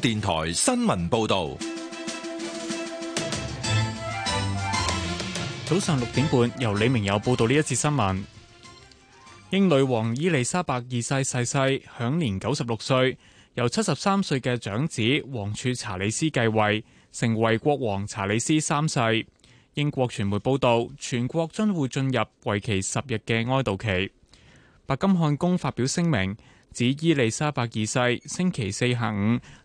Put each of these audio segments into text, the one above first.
電台新聞報道，早上六點半，由李明友報道呢一次新聞。英女王伊麗莎白二世逝世，世，享年九十六歲，由七十三歲嘅長子王儲查理斯繼位，成為國王查理斯三世。英國傳媒報道，全國將會進入為期十日嘅哀悼期。白金漢宮發表聲明。指伊麗莎白二世星期四下午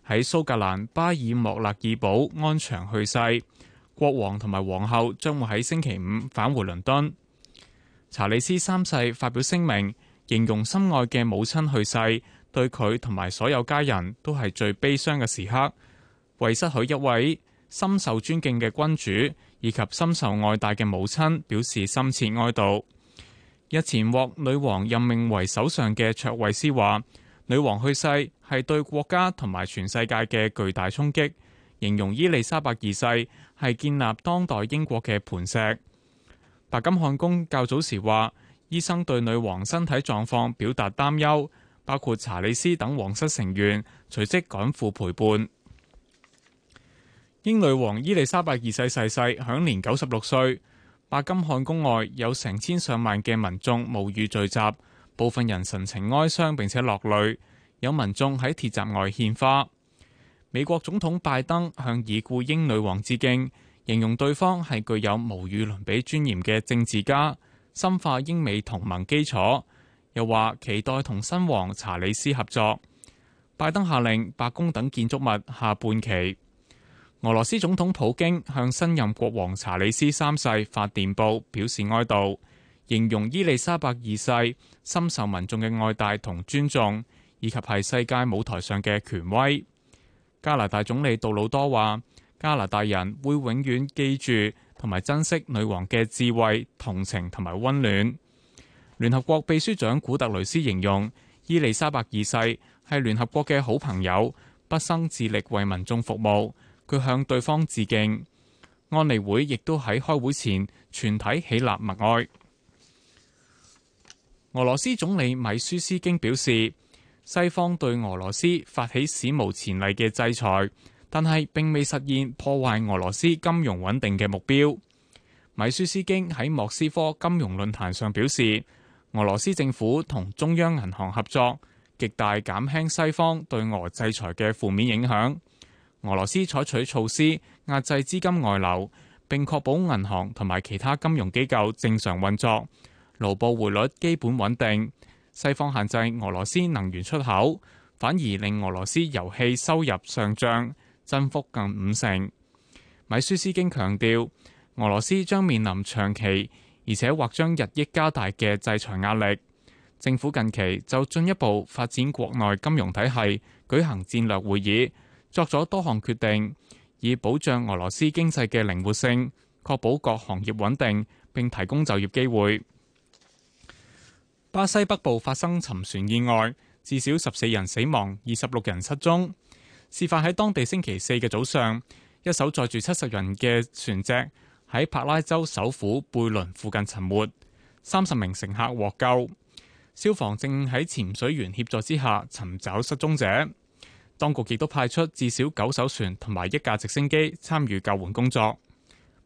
喺蘇格蘭巴爾莫勒爾堡安詳去世，國王同埋皇后將會喺星期五返回倫敦。查理斯三世發表聲明，形容深愛嘅母親去世對佢同埋所有家人都係最悲傷嘅時刻，為失去一位深受尊敬嘅君主以及深受愛戴嘅母親表示深切哀悼。日前獲女王任命為首相嘅卓慧斯話，女王去世係對國家同埋全世界嘅巨大衝擊，形容伊麗莎白二世係建立當代英國嘅磐石。白金漢宮較早時話，醫生對女王身體狀況表達擔憂，包括查理斯等皇室成員隨即趕赴陪伴。英女王伊麗莎白二世逝世，世，享年九十六歲。白金漢宮外有成千上萬嘅民眾無語聚集，部分人神情哀傷並且落淚，有民眾喺鐵閘外獻花。美國總統拜登向已故英女王致敬，形容對方係具有無與倫比尊嚴嘅政治家，深化英美同盟基礎，又話期待同新王查理斯合作。拜登下令白宮等建築物下半旗。俄羅斯總統普京向新任國王查理斯三世發電報，表示哀悼，形容伊麗莎白二世深受民眾嘅愛戴同尊重，以及係世界舞台上嘅權威。加拿大總理杜魯多話，加拿大人會永遠記住同埋珍惜女王嘅智慧、同情同埋溫暖。聯合國秘書長古特雷斯形容伊麗莎白二世係聯合國嘅好朋友，畢生致力為民眾服務。要向對方致敬。安理會亦都喺開會前全體起立默哀。俄羅斯總理米舒斯京表示，西方對俄羅斯發起史無前例嘅制裁，但係並未實現破壞俄羅斯金融穩定嘅目標。米舒斯京喺莫斯科金融論壇上表示，俄羅斯政府同中央銀行合作，極大減輕西方對俄制裁嘅負面影響。俄羅斯採取措施壓制資金外流，並確保銀行同埋其他金融機構正常運作。盧布匯率基本穩定。西方限制俄羅斯能源出口，反而令俄羅斯油氣收入上漲，增幅近五成。米舒斯京強調，俄羅斯將面臨長期而且或將日益加大嘅制裁壓力。政府近期就進一步發展國內金融體系，舉行戰略會議。作咗多項決定，以保障俄羅斯經濟嘅靈活性，確保各行業穩定，並提供就業機會。巴西北部發生沉船意外，至少十四人死亡，二十六人失蹤。事發喺當地星期四嘅早上，一艘載住七十人嘅船隻喺帕拉州首府貝倫附近沉沒，三十名乘客獲救。消防正喺潛水員協助之下尋找失蹤者。當局亦都派出至少九艘船同埋一架直升機參與救援工作。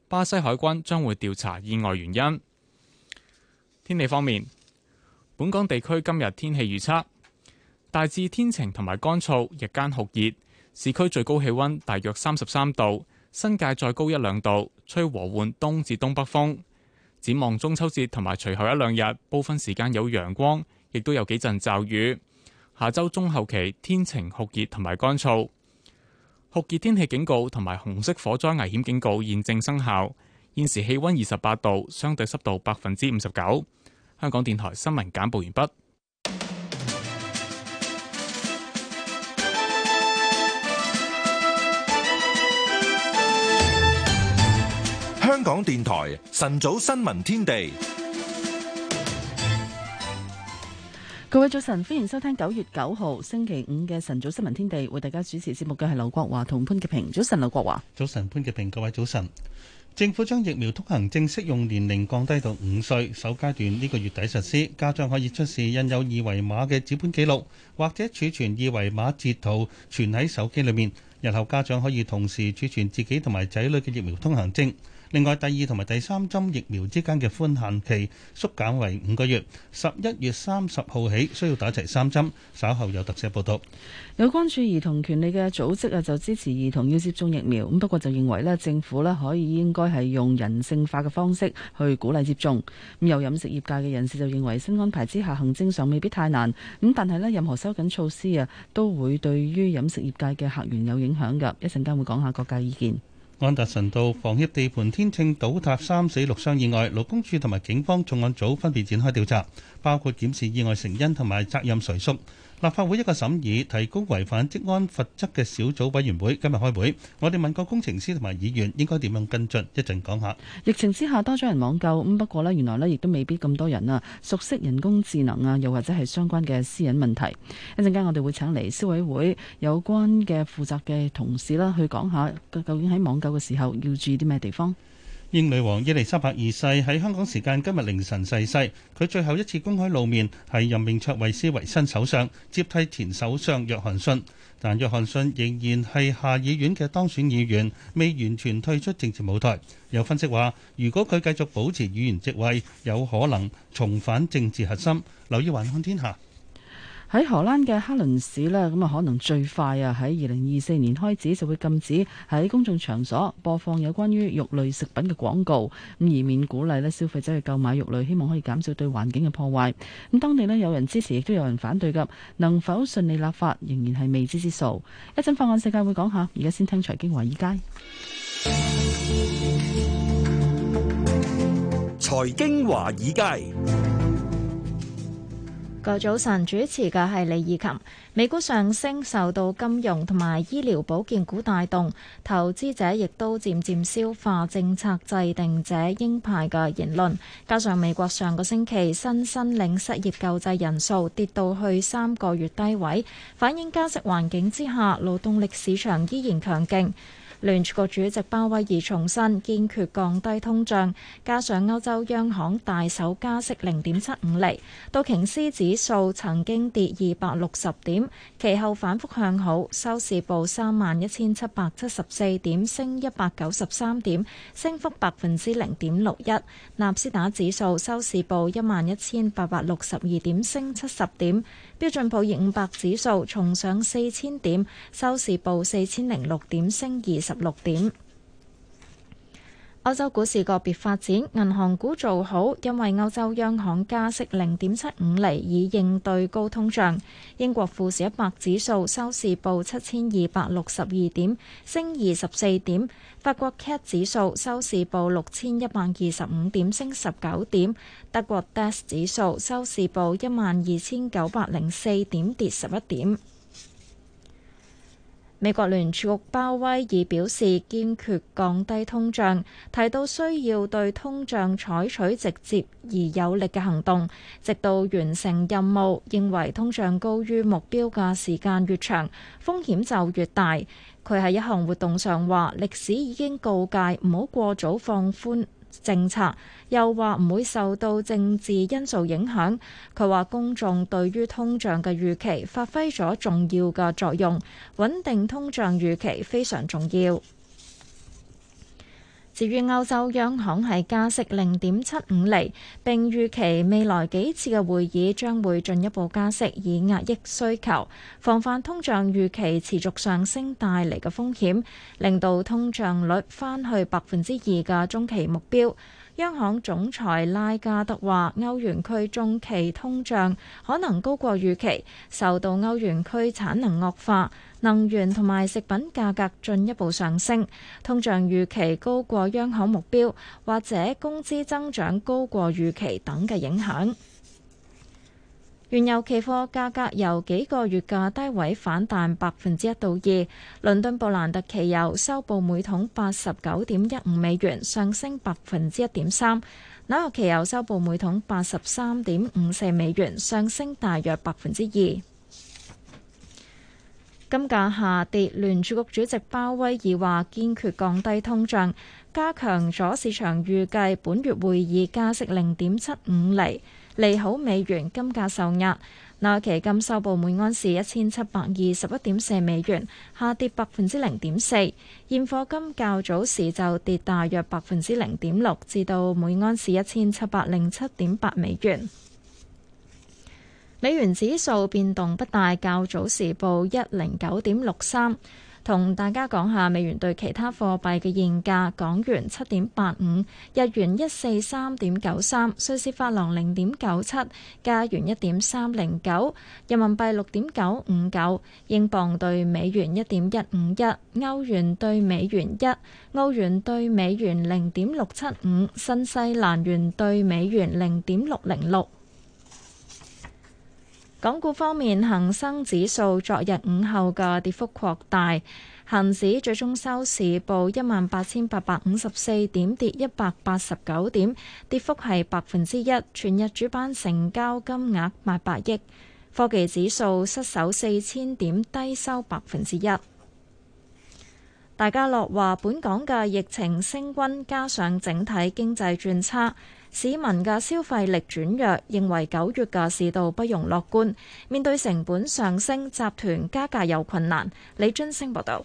巴西海軍將會調查意外原因。天氣方面，本港地區今日天氣預測，大致天晴同埋乾燥，日間酷熱，市區最高氣溫大約三十三度，新界再高一兩度，吹和緩東至東北風。展望中秋節同埋隨後一兩日，部分時間有陽光，亦都有幾陣驟雨。下周中後期天晴酷熱同埋乾燥，酷熱天氣警告同埋紅色火災危險警告現正生效。現時氣溫二十八度，相對濕度百分之五十九。香港電台新聞簡報完畢。香港電台晨早新聞天地。各位早晨，歡迎收聽九月九號星期五嘅晨早新聞天地。為大家主持節目嘅係劉國華同潘潔平。早晨，劉國華。早晨，潘潔平。各位早晨。政府將疫苗通行證適用年齡降低到五歲，首階段呢個月底實施。家長可以出示印有二維碼嘅紙本記錄，或者儲存二維碼截圖存喺手機裏面。日後家長可以同時儲存自己同埋仔女嘅疫苗通行證。另外，第二同埋第三針疫苗之間嘅寬限期縮減為五個月。十一月三十號起需要打齊三針，稍後有特寫報道。有關注兒童權利嘅組織啊，就支持兒童要接種疫苗。咁不過就認為咧，政府咧可以應該係用人性化嘅方式去鼓勵接種，咁有飲食業界嘅人士就認為新安排之下，行政上未必太難，咁但係咧，任何收緊措施啊，都會對於飲食業界嘅客源有影響㗎。一陣間會講下各界意見。安達臣道房協地盤天秤倒塌三死六傷意外，勞工處同埋警方重案組分別展開調查，包括檢視意外成因同埋責任誰屬。立法會一個審議提高違反職安罰則嘅小組委員會今日開會，我哋問過工程師同埋議員應該點樣跟進，講一陣講下。疫情之下多咗人網購，咁不過咧，原來咧亦都未必咁多人啊，熟悉人工智能啊，又或者係相關嘅私隱問題。一陣間我哋會請嚟消委會有關嘅負責嘅同事啦，去講下究竟喺網購嘅時候要注意啲咩地方。英女王伊麗莎白二世喺香港時間今日凌晨逝世，佢最後一次公開露面係任命卓慧思為新首相，接替前首相約翰遜，但約翰遜仍然係下議院嘅當選議員，未完全退出政治舞台。有分析話，如果佢繼續保持議員席位，有可能重返政治核心。留意環看天下。喺荷蘭嘅哈倫市呢，咁啊可能最快啊喺二零二四年開始就會禁止喺公眾場所播放有關於肉類食品嘅廣告，咁以免鼓勵咧消費者去購買肉類，希望可以減少對環境嘅破壞。咁當地呢，有人支持，亦都有人反對嘅，能否順利立法仍然係未知之數。一陣法案世界會講下，而家先聽財經華爾街。財經華爾街。個早晨主持嘅係李以琴。美股上升，受到金融同埋醫療保健股帶動，投資者亦都漸漸消化政策制定者鷹派嘅言論，加上美國上個星期新申領失業救濟人數跌到去三個月低位，反映加息環境之下勞動力市場依然強勁。聯儲局主席鮑威爾重申堅決降低通脹，加上歐洲央行大手加息零點七五厘，道瓊斯指數曾經跌二百六十點，其後反覆向好，收市報三萬一千七百七十四點，升一百九十三點，升幅百分之零點六一。納斯達指數收市報一萬一千八百六十二點，升七十點。標準普爾五百指數重上四千點，收市報四千零六點，升二十六點。歐洲股市個別發展，銀行股做好，因為歐洲央行加息零點七五厘以應對高通脹。英國富時一百指數收市報七千二百六十二點，升二十四點。法國 CAC 指數收市報六千一百二十五點，升十九點。德國 DAX 指數收市報一萬二千九百零四點，跌十一點。美國聯儲局鮑威爾表示堅決降低通脹，提到需要對通脹採取直接而有力嘅行動，直到完成任務。認為通脹高於目標嘅時間越長，風險就越大。佢喺一項活動上話，歷史已經告誡唔好過早放寬。政策又話唔會受到政治因素影響，佢話公眾對於通脹嘅預期發揮咗重要嘅作用，穩定通脹預期非常重要。至於歐洲央行係加息零點七五厘，並預期未來幾次嘅會議將會進一步加息，以壓抑需求，防範通脹預期持續上升帶嚟嘅風險，令到通脹率返去百分之二嘅中期目標。央行總裁拉加德話：歐元區中期通脹可能高過預期，受到歐元區產能惡化、能源同埋食品價格進一步上升、通脹預期高過央行目標或者工資增長高過預期等嘅影響。原油期貨價格由幾個月嘅低位反彈百分之一到二，倫敦布蘭特期油收報每桶八十九點一五美元，上升百分之一點三；紐約期油收報每桶八十三點五四美元，上升大約百分之二。金價下跌，聯儲局主席鮑威爾話堅決降低通脹，加強咗市場預計本月會議加息零點七五厘。利好美元，金價受壓。紐期金收報每安士一千七百二十一點四美元，下跌百分之零點四。現貨金較早時就跌大約百分之零點六，至到每安士一千七百零七點八美元。美元指數變動不大，較早時報一零九點六三。同大家講下美元對其他貨幣嘅現價：港元七點八五，日元一四三點九三，瑞士法郎零點九七，加元一點三零九，人民幣六點九五九，英鎊對美元一點一五一，歐元對美元一，歐元對美元零點六七五，新西蘭元對美元零點六零六。港股方面，恒生指數昨日午後嘅跌幅擴大，恒指最終收市報一萬八千八百五十四點，跌一百八十九點，跌幅係百分之一。全日主板成交金額八百億。科技指數失守四千點低收百分之一。大家樂話本港嘅疫情升溫，加上整體經濟轉差。市民嘅消費力轉弱，認為九月嘅市道不容樂觀。面對成本上升，集團加價有困難。李津星報導。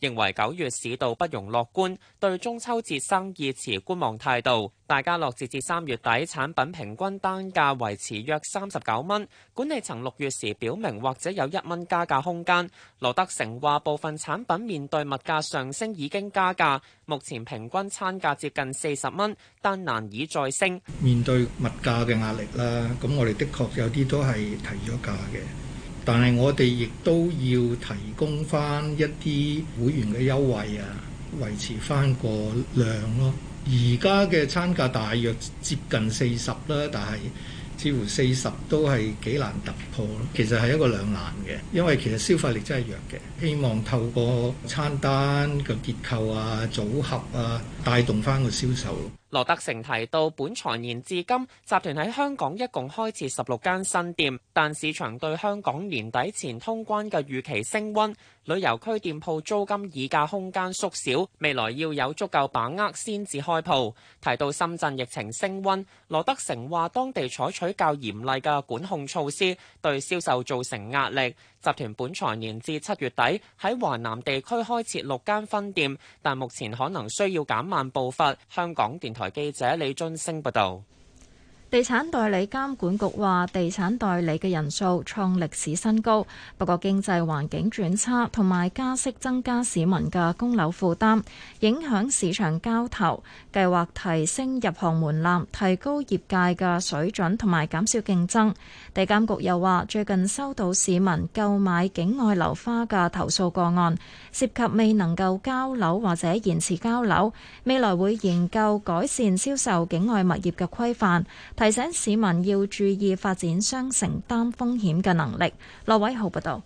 認為九月市道不容樂觀，對中秋節生意持觀望態度。大家樂截至三月底產品平均單價維持約三十九蚊，管理層六月時表明或者有一蚊加價空間。羅德成話：部分產品面對物價上升已經加價，目前平均餐價接近四十蚊，但難以再升。面對物價嘅壓力啦，咁我哋的確有啲都係提咗價嘅。但係我哋亦都要提供翻一啲會員嘅優惠啊，維持翻個量咯、啊。而家嘅餐價大約接近四十啦，但係似乎四十都係幾難突破咯。其實係一個兩難嘅，因為其實消費力真係弱嘅。希望透過餐單嘅結構啊、組合啊，帶動翻個銷售。羅德成提到，本財年至今，集團喺香港一共開設十六間新店，但市場對香港年底前通關嘅預期升温，旅遊區店鋪租金議價空間縮小，未來要有足夠把握先至開鋪。提到深圳疫情升温，羅德成話當地採取較嚴厲嘅管控措施，對銷售造成壓力。集團本財年至七月底喺華南地區開設六間分店，但目前可能需要減慢步伐。香港電台記者李俊升報道。地產代理監管局話，地產代理嘅人數創歷史新高，不過經濟環境轉差同埋加息增加市民嘅供樓負擔，影響市場交投。計劃提升入行門檻，提高業界嘅水準同埋減少競爭。地監局又話，最近收到市民購買境外樓花嘅投訴個案，涉及未能夠交樓或者延遲交樓。未來會研究改善銷售境外物業嘅規範。提醒市民要注意發展商承擔風險嘅能力。羅偉豪報導。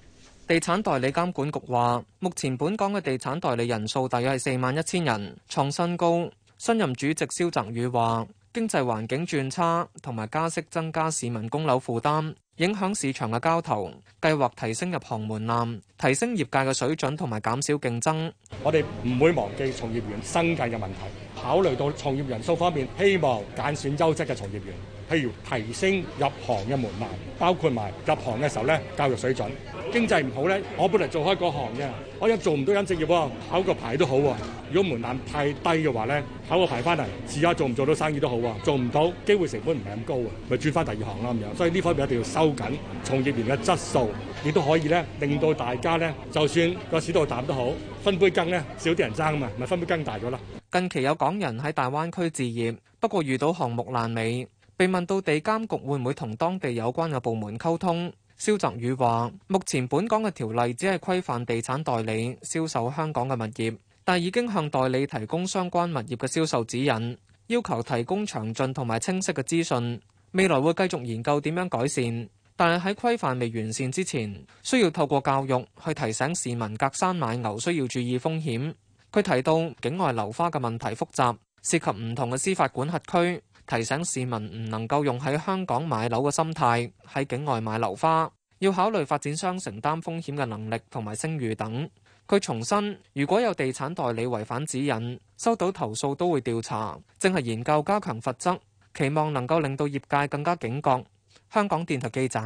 地產代理監管局話，目前本港嘅地產代理人數大約係四萬一千人，創新高。新任主席蕭澤宇話。經濟環境轉差，同埋加息增加市民供樓負擔，影響市場嘅交投。計劃提升入行門檻，提升業界嘅水準，同埋減少競爭。我哋唔會忘記從業員生計嘅問題，考慮到從業人數方面，希望揀選優質嘅從業員。係提升入行嘅門檻，包括埋入行嘅時候咧，教育水準。經濟唔好咧，我本嚟做開嗰行嘅，我又做唔到飲食業喎，考個牌都好喎。如果門檻太低嘅話咧，考個牌翻嚟試下做唔做到生意都好喎，做唔到機會成本唔係咁高啊，咪轉翻第二行啦。咁樣。所以呢方面一定要收緊從業員嘅質素，亦都可以咧令到大家咧，就算個市道淡都好，分杯羹咧少啲人爭啊嘛，咪分杯羹大咗啦。近期有港人喺大灣區置業，不過遇到項目爛尾。被問到地監局會唔會同當地有關嘅部門溝通，蕭澤宇話：目前本港嘅條例只係規範地產代理銷售香港嘅物業，但已經向代理提供相關物業嘅銷售指引，要求提供詳盡同埋清晰嘅資訊。未來會繼續研究點樣改善，但係喺規範未完善之前，需要透過教育去提醒市民隔山買牛需要注意風險。佢提到境外樓花嘅問題複雜，涉及唔同嘅司法管轄區。提醒市民唔能夠用喺香港買樓嘅心態喺境外買樓花，要考慮發展商承擔風險嘅能力同埋聲譽等。佢重申，如果有地產代理違反指引，收到投訴都會調查，正係研究加強罰則，期望能夠令到業界更加警覺。香港電台記者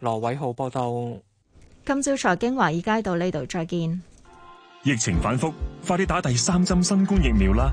羅偉浩報道。今朝財經華爾街到呢度再見。疫情反覆，快啲打第三針新冠疫苗啦！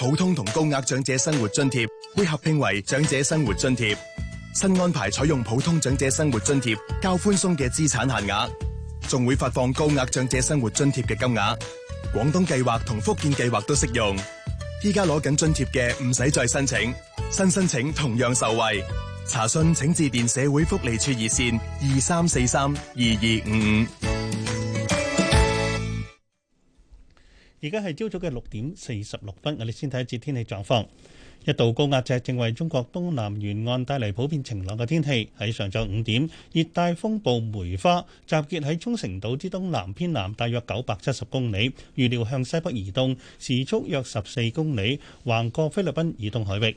普通同高額長者生活津貼會合併為長者生活津貼，新安排採用普通長者生活津貼，較寬鬆嘅資產限額，仲會發放高額長者生活津貼嘅金額。廣東計劃同福建計劃都適用，依家攞緊津貼嘅唔使再申請，新申請同樣受惠。查詢請致電社會福利處熱線二三四三二二五五。而家係朝早嘅六點四十六分，我哋先睇一節天氣狀況。一道高壓脊正為中國東南沿岸帶嚟普遍晴朗嘅天氣。喺上晝五點，熱帶風暴梅花集結喺沖繩島之東南偏南大約九百七十公里，預料向西北移動，時速約十四公里，橫過菲律賓以東海域。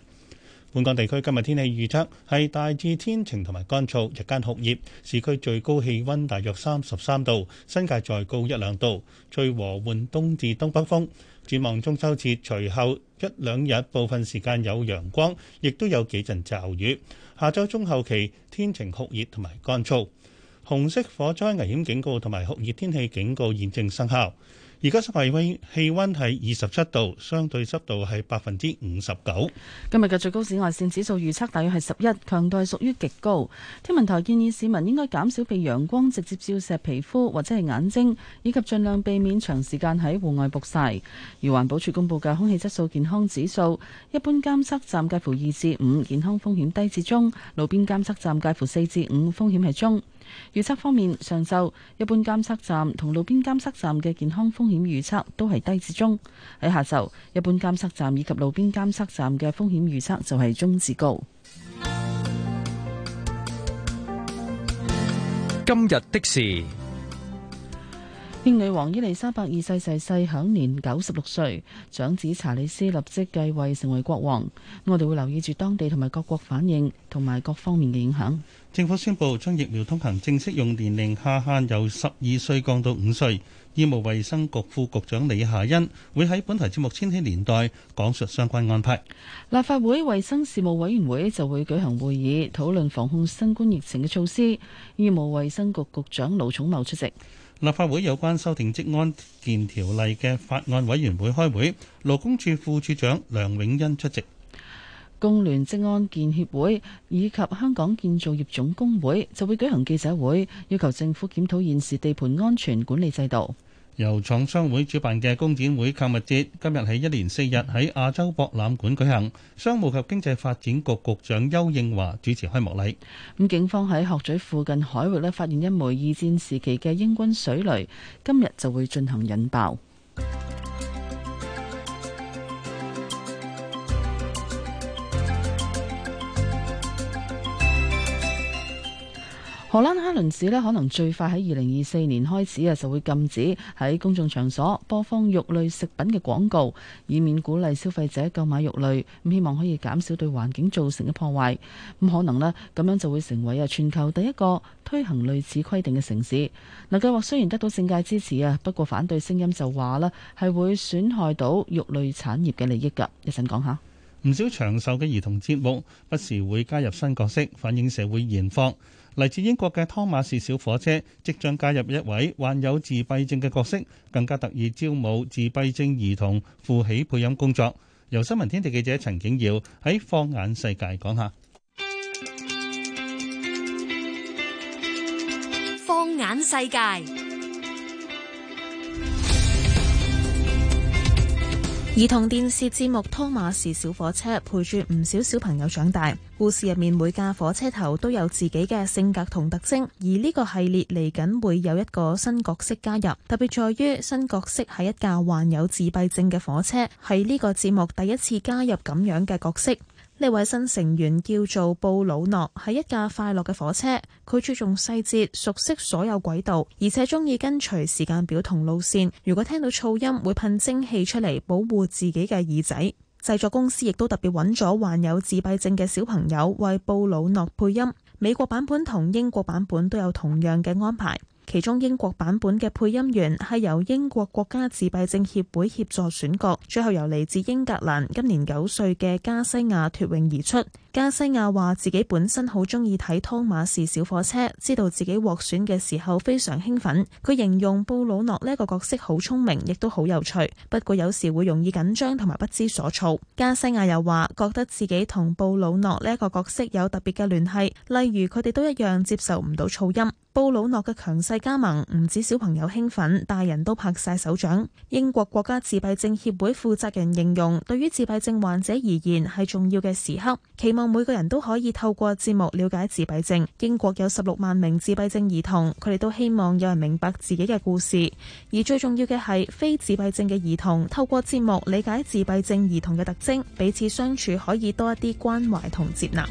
本港地區今日天，天氣預測係大致天晴同埋乾燥，日間酷熱，市區最高氣温大約三十三度，新界再高一兩度，吹和緩東至東北風。展望中秋節，隨後一兩日部分時間有陽光，亦都有幾陣驟雨。下週中後期天晴酷熱同埋乾燥，紅色火災危險警告同埋酷熱天氣警告現正生效。而家室外氣溫係二十七度，相對濕度係百分之五十九。今日嘅最高紫外線指數預測大約係十一，強度係屬於極高。天文台建議市民應該減少被陽光直接照射皮膚或者係眼睛，以及盡量避免長時間喺戶外暴曬。而環保署公布嘅空氣質素健康指數，一般監測站介乎二至五，健康風險低至中，路邊監測站介乎四至五，風險係中。預測方面，上晝一般監測站同路邊監測站嘅健康風險預測都係低至中；喺下晝，一般監測站以及路邊監測站嘅風險預測就係中至高。今日的事，英女王伊麗莎白二世逝世，享年九十六歲，長子查理斯立即繼位成為國王。我哋會留意住當地同埋各國反應，同埋各方面嘅影響。政府宣布將疫苗通行正式用年齡下限由十二歲降到五歲。醫務衛生局副局長李夏欣會喺本台節目《千禧年代》講述相關安排。立法會衞生事務委員會就會舉行會議討論防控新冠疫情嘅措施。醫務衛生局局長盧寵茂出席。立法會有關修訂職安健條例嘅法案委員會開會，勞工處副處長梁永恩出席。工聯職安建協會以及香港建造業總工會就會舉行記者會，要求政府檢討現時地盤安全管理制度。由廠商會主辦嘅工展會購物節今日喺一連四日喺亞洲博覽館舉行，商務及經濟發展局局，局長邱應華主持開幕禮。咁警方喺鶴咀附近海域咧發現一枚二戰時期嘅英軍水雷，今日就會進行引爆。荷蘭哈倫市咧可能最快喺二零二四年開始啊，就會禁止喺公眾場所播放肉類食品嘅廣告，以免鼓勵消費者購買肉類。咁希望可以減少對環境造成嘅破壞。咁可能呢，咁樣就會成為啊全球第一個推行類似規定嘅城市。嗱，計劃雖然得到政界支持啊，不過反對聲音就話呢係會損害到肉類產業嘅利益噶。一陣講一下。唔少長壽嘅兒童節目不時會加入新角色，反映社會現況。嚟自英國嘅《湯馬士小火車》即將加入一位患有自閉症嘅角色，更加特意招募自閉症兒童負起配音工作。由新聞天地記者陳景耀喺《放眼世界》講下《放眼世界》。兒童電視節目《托馬士小火車》陪住唔少小朋友長大，故事入面每架火車頭都有自己嘅性格同特徵，而呢個系列嚟緊會有一個新角色加入，特別在於新角色係一架患有自閉症嘅火車，係呢個節目第一次加入咁樣嘅角色。呢位新成員叫做布魯諾，係一架快樂嘅火車，佢注重細節，熟悉所有軌道，而且中意跟隨時間表同路線，如果聽到噪音，會噴蒸汽出嚟保護自己嘅耳仔。製作公司亦都特別揾咗患有自閉症嘅小朋友為布魯諾配音。美國版本同英國版本都有同樣嘅安排。其中英國版本嘅配音員係由英國國家自閉症協會協助選角，最後由嚟自英格蘭今年九歲嘅加西亞脱穎而出。加西亞話自己本身好中意睇湯馬士小火車，知道自己獲選嘅時候非常興奮。佢形容布魯諾呢個角色好聰明，亦都好有趣，不過有時會容易緊張同埋不知所措。加西亞又話覺得自己同布魯諾呢個角色有特別嘅聯繫，例如佢哋都一樣接受唔到噪音。布魯諾嘅強勢加盟唔止小朋友興奮，大人都拍晒手掌。英國國家自閉症協會負責人形容，對於自閉症患者而言係重要嘅時刻，期望。每個人都可以透過節目了解自閉症。英國有十六萬名自閉症兒童，佢哋都希望有人明白自己嘅故事。而最重要嘅係，非自閉症嘅兒童透過節目理解自閉症兒童嘅特徵，彼此相處可以多一啲關懷同接納。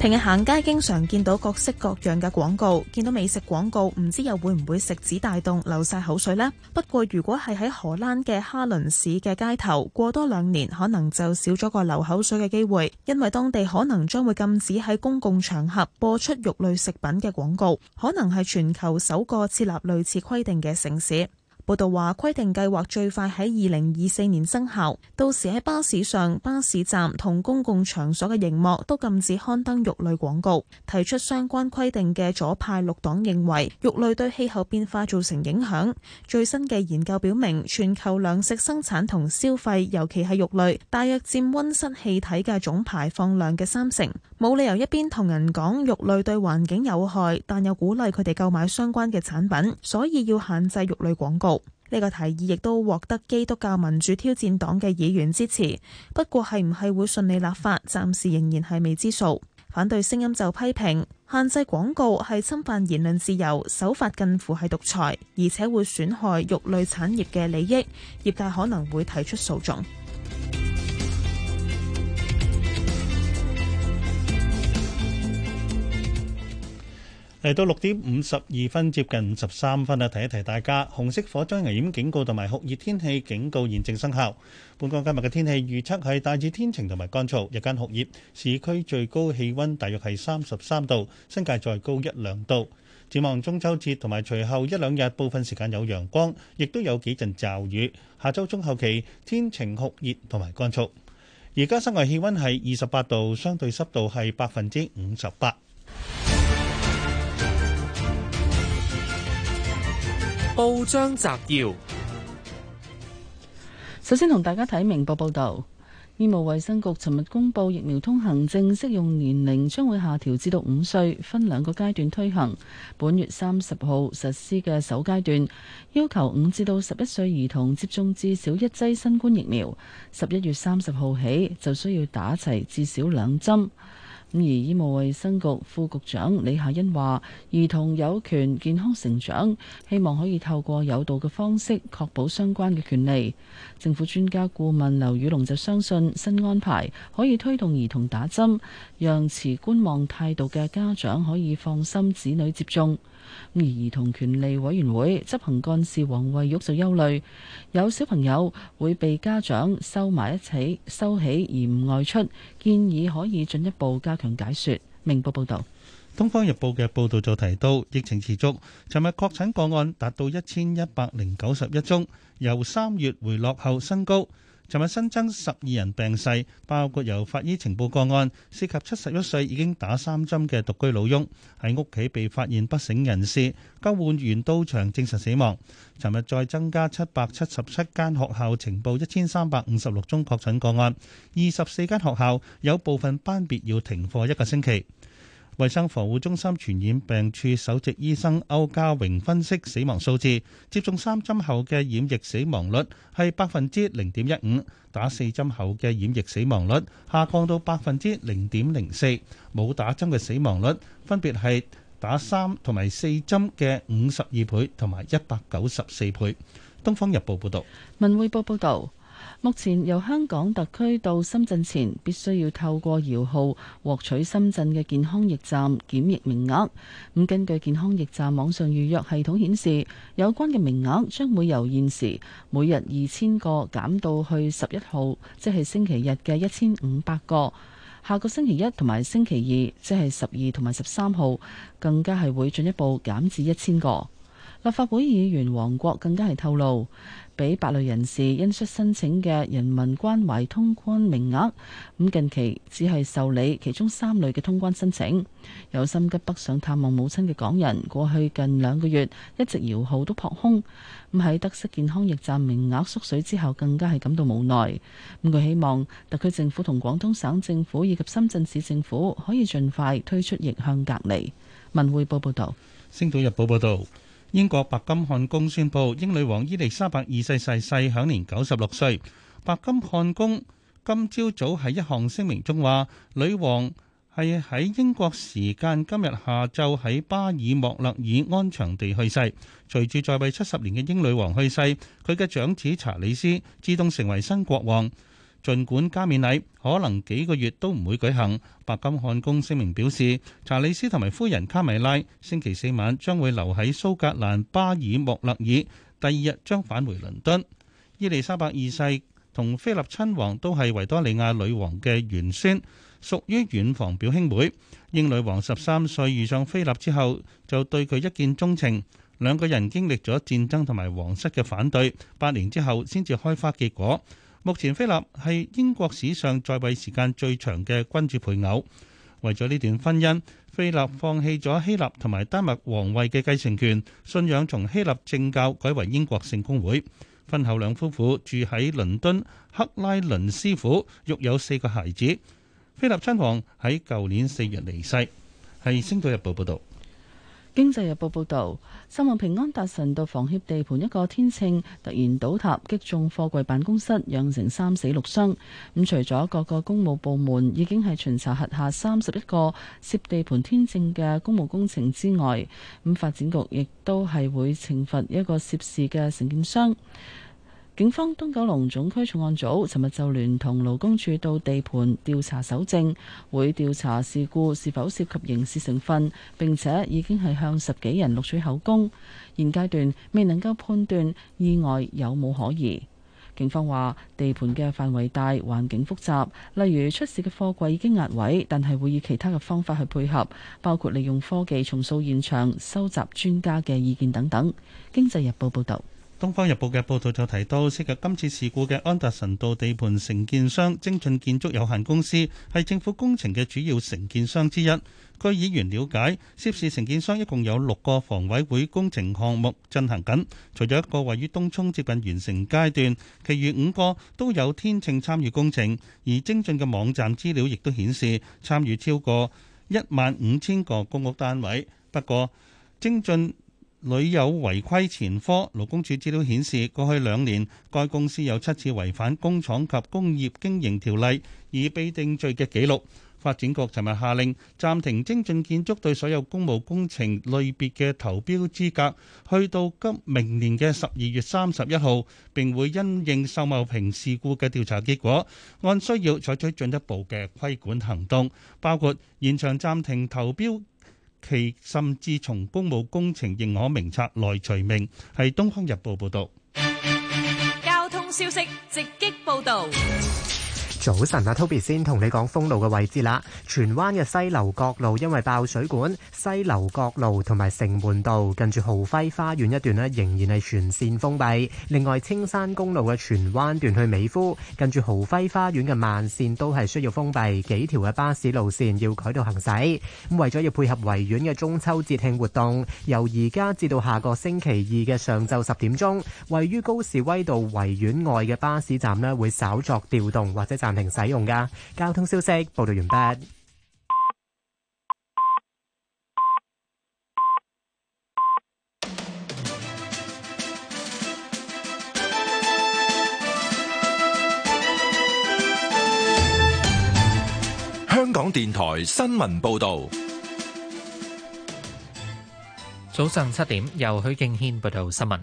平日行街經常見到各式各樣嘅廣告，見到美食廣告唔知又會唔會食指大動流晒口水咧？不過如果係喺荷蘭嘅哈倫市嘅街頭過多兩年，可能就少咗個流口水嘅機會，因為當地可能將會禁止喺公共場合播出肉類食品嘅廣告，可能係全球首個設立類似規定嘅城市。報道話，規定計劃最快喺二零二四年生效，到時喺巴士上、巴士站同公共場所嘅熒幕都禁止刊登肉類廣告。提出相關規定嘅左派綠黨認為，肉類對氣候變化造成影響。最新嘅研究表明，全球糧食生產同消費，尤其係肉類，大約佔温室氣體嘅總排放量嘅三成。冇理由一邊同人講肉類對環境有害，但又鼓勵佢哋購買相關嘅產品，所以要限制肉類廣告。呢個提議亦都獲得基督教民主挑戰黨嘅議員支持，不過係唔係會順利立法，暫時仍然係未知數。反對聲音就批評限制廣告係侵犯言論自由，手法近乎係獨裁，而且會損害肉類產業嘅利益，業界可能會提出訴訟。嚟到六點五十二分，接近五十三分啦，提一提大家，紅色火災危險警告同埋酷熱天氣警告現正生效。本港今日嘅天氣預測係大致天晴同埋乾燥，日間酷熱，市區最高氣溫大約係三十三度，新界再高一兩度。展望中秋節同埋隨後一兩日，部分時間有陽光，亦都有幾陣驟雨。下週中後期天晴酷熱同埋乾燥。而家室外氣溫係二十八度，相對濕度係百分之五十八。報章摘要：首先同大家睇明報報道，醫務衛生局尋日公布疫苗通行證適用年齡將會下調至到五歲，分兩個階段推行。本月三十號實施嘅首階段，要求五至到十一歲兒童接種至少一劑新冠疫苗；十一月三十號起就需要打齊至少兩針。咁而醫務衛生局副局長李夏欣話，兒童有權健康成長，希望可以透過有道嘅方式，確保相關嘅權利。政府專家顧問劉宇龍就相信新安排可以推動兒童打針，讓持觀望態度嘅家長可以放心子女接種。而兒童權利委員會執行幹事王惠玉就憂慮，有小朋友會被家長收埋一齊收起而唔外出，建議可以進一步加強解説。明報報道：《東方日報》嘅報導就提到，疫情持續，尋日確診個案達到一千一百零九十一宗，由三月回落後新高。尋日新增十二人病逝，包括由法醫呈報個案，涉及七十一歲已經打三針嘅獨居老翁，喺屋企被發現不省人事，交換員到場證實死亡。尋日再增加七百七十七間學校呈報一千三百五十六宗確診個案，二十四間學校有部分班別要停課一個星期。衛生防護中心傳染病處首席醫生歐家榮分析死亡數字：接種三針後嘅染疫死亡率係百分之零點一五，打四針後嘅染疫死亡率下降到百分之零點零四。冇打針嘅死亡率分別係打三同埋四針嘅五十二倍同埋一百九十四倍。東方日報報道，文匯報報道。目前由香港特區到深圳前，必須要透過搖號獲取深圳嘅健康驛站檢疫名額。咁根據健康驛站網上預約系統顯示，有關嘅名額將會由現時每日二千個減到去十一號，即係星期日嘅一千五百個。下個星期一同埋星期二，即係十二同埋十三號，更加係會進一步減至一千個。立法會議員黃國更加係透露。俾八類人士因出申請嘅人民關懷通關名額，咁近期只係受理其中三類嘅通關申請。有心急北上探望母親嘅港人，過去近兩個月一直搖號都撲空。咁喺得悉健康驛站名額縮水之後，更加係感到無奈。咁佢希望特區政府同廣東省政府以及深圳市政府可以盡快推出逆向隔離。文匯報報，報報道。《星島日報》報道。英國白金漢宮宣佈，英女王伊利沙伯二世逝世，世，享年九十六歲。白金漢宮今朝早喺一項聲明中話，女王係喺英國時間今日下晝喺巴爾莫勒爾安詳地去世。隨住在位七十年嘅英女王去世，佢嘅長子查理斯自動成為新國王。儘管加冕禮可能幾個月都唔會舉行，白金漢宮聲明表示，查理斯同埋夫人卡米拉星期四晚將會留喺蘇格蘭巴爾莫勒爾，第二日將返回倫敦。伊利沙伯二世同菲臘親王都係維多利亞女王嘅玄孫，屬於遠房表兄妹。英女王十三歲遇上菲臘之後，就對佢一見鍾情。兩個人經歷咗戰爭同埋皇室嘅反對，八年之後先至開花結果。目前菲立係英國史上在位時間最長嘅君主配偶。為咗呢段婚姻，菲立放棄咗希臘同埋丹麥皇位嘅繼承權，信仰從希臘正教改為英國聖公會。婚後兩夫婦住喺倫敦克拉倫斯府，育有四個孩子。菲立親王喺舊年四月離世。係《星島日報》報道。經濟日報報導，新午平安達臣道房協地盤一個天秤突然倒塌，擊中貨櫃辦公室，釀成三死六傷。咁除咗各個公務部門已經係巡查核下三十一個涉地盤天秤嘅公務工程之外，咁發展局亦都係會懲罰一個涉事嘅承建商。警方東九龍總區重案組尋日就聯同勞工處到地盤調查搜證，會調查事故是否涉及刑事成分，並且已經係向十幾人錄取口供。現階段未能夠判斷意外有冇可疑。警方話地盤嘅範圍大，環境複雜，例如出事嘅貨櫃已經壓位，但係會以其他嘅方法去配合，包括利用科技重塑現場、收集專家嘅意見等等。經濟日報報導。《東方日報》嘅報道就提到，涉及今次事故嘅安達臣道地盤承建商精進建築有限公司，係政府工程嘅主要承建商之一。據議員了解，涉事承建商一共有六個房委會工程項目進行緊，除咗一個位於東涌接近完成階段，其餘五個都有天秤參與工程。而精進嘅網站資料亦都顯示，參與超過一萬五千個公屋單位。不過，精進屢有違規前科，勞工處資料顯示，過去兩年該公司有七次違反工廠及工業經營條例而被定罪嘅記錄。發展局尋日下令暫停精進建築對所有公務工程類別嘅投標資格，去到今明年嘅十二月三十一號，並會因應秀茂坪事故嘅調查結果，按需要採取進一步嘅規管行動，包括延長暫停投標。其甚至從公務工程認可名冊內除名，係《東方日報》報導。交通消息直擊報導。早晨啊，Toby 先同你講封路嘅位置啦。荃灣嘅西樓角路因為爆水管，西樓角路同埋城門道近住豪輝花園一段呢，仍然係全線封閉。另外，青山公路嘅荃灣段去美孚，近住豪輝花園嘅慢線都係需要封閉，幾條嘅巴士路線要改道行駛。咁為咗要配合維園嘅中秋節慶活動，由而家至到下個星期二嘅上晝十點鐘，位於高士威道維園外嘅巴士站呢，會稍作調動或者暫零使用嘅交通消息報道完畢。香港電台新聞報道，早上七點由許敬軒報道新聞。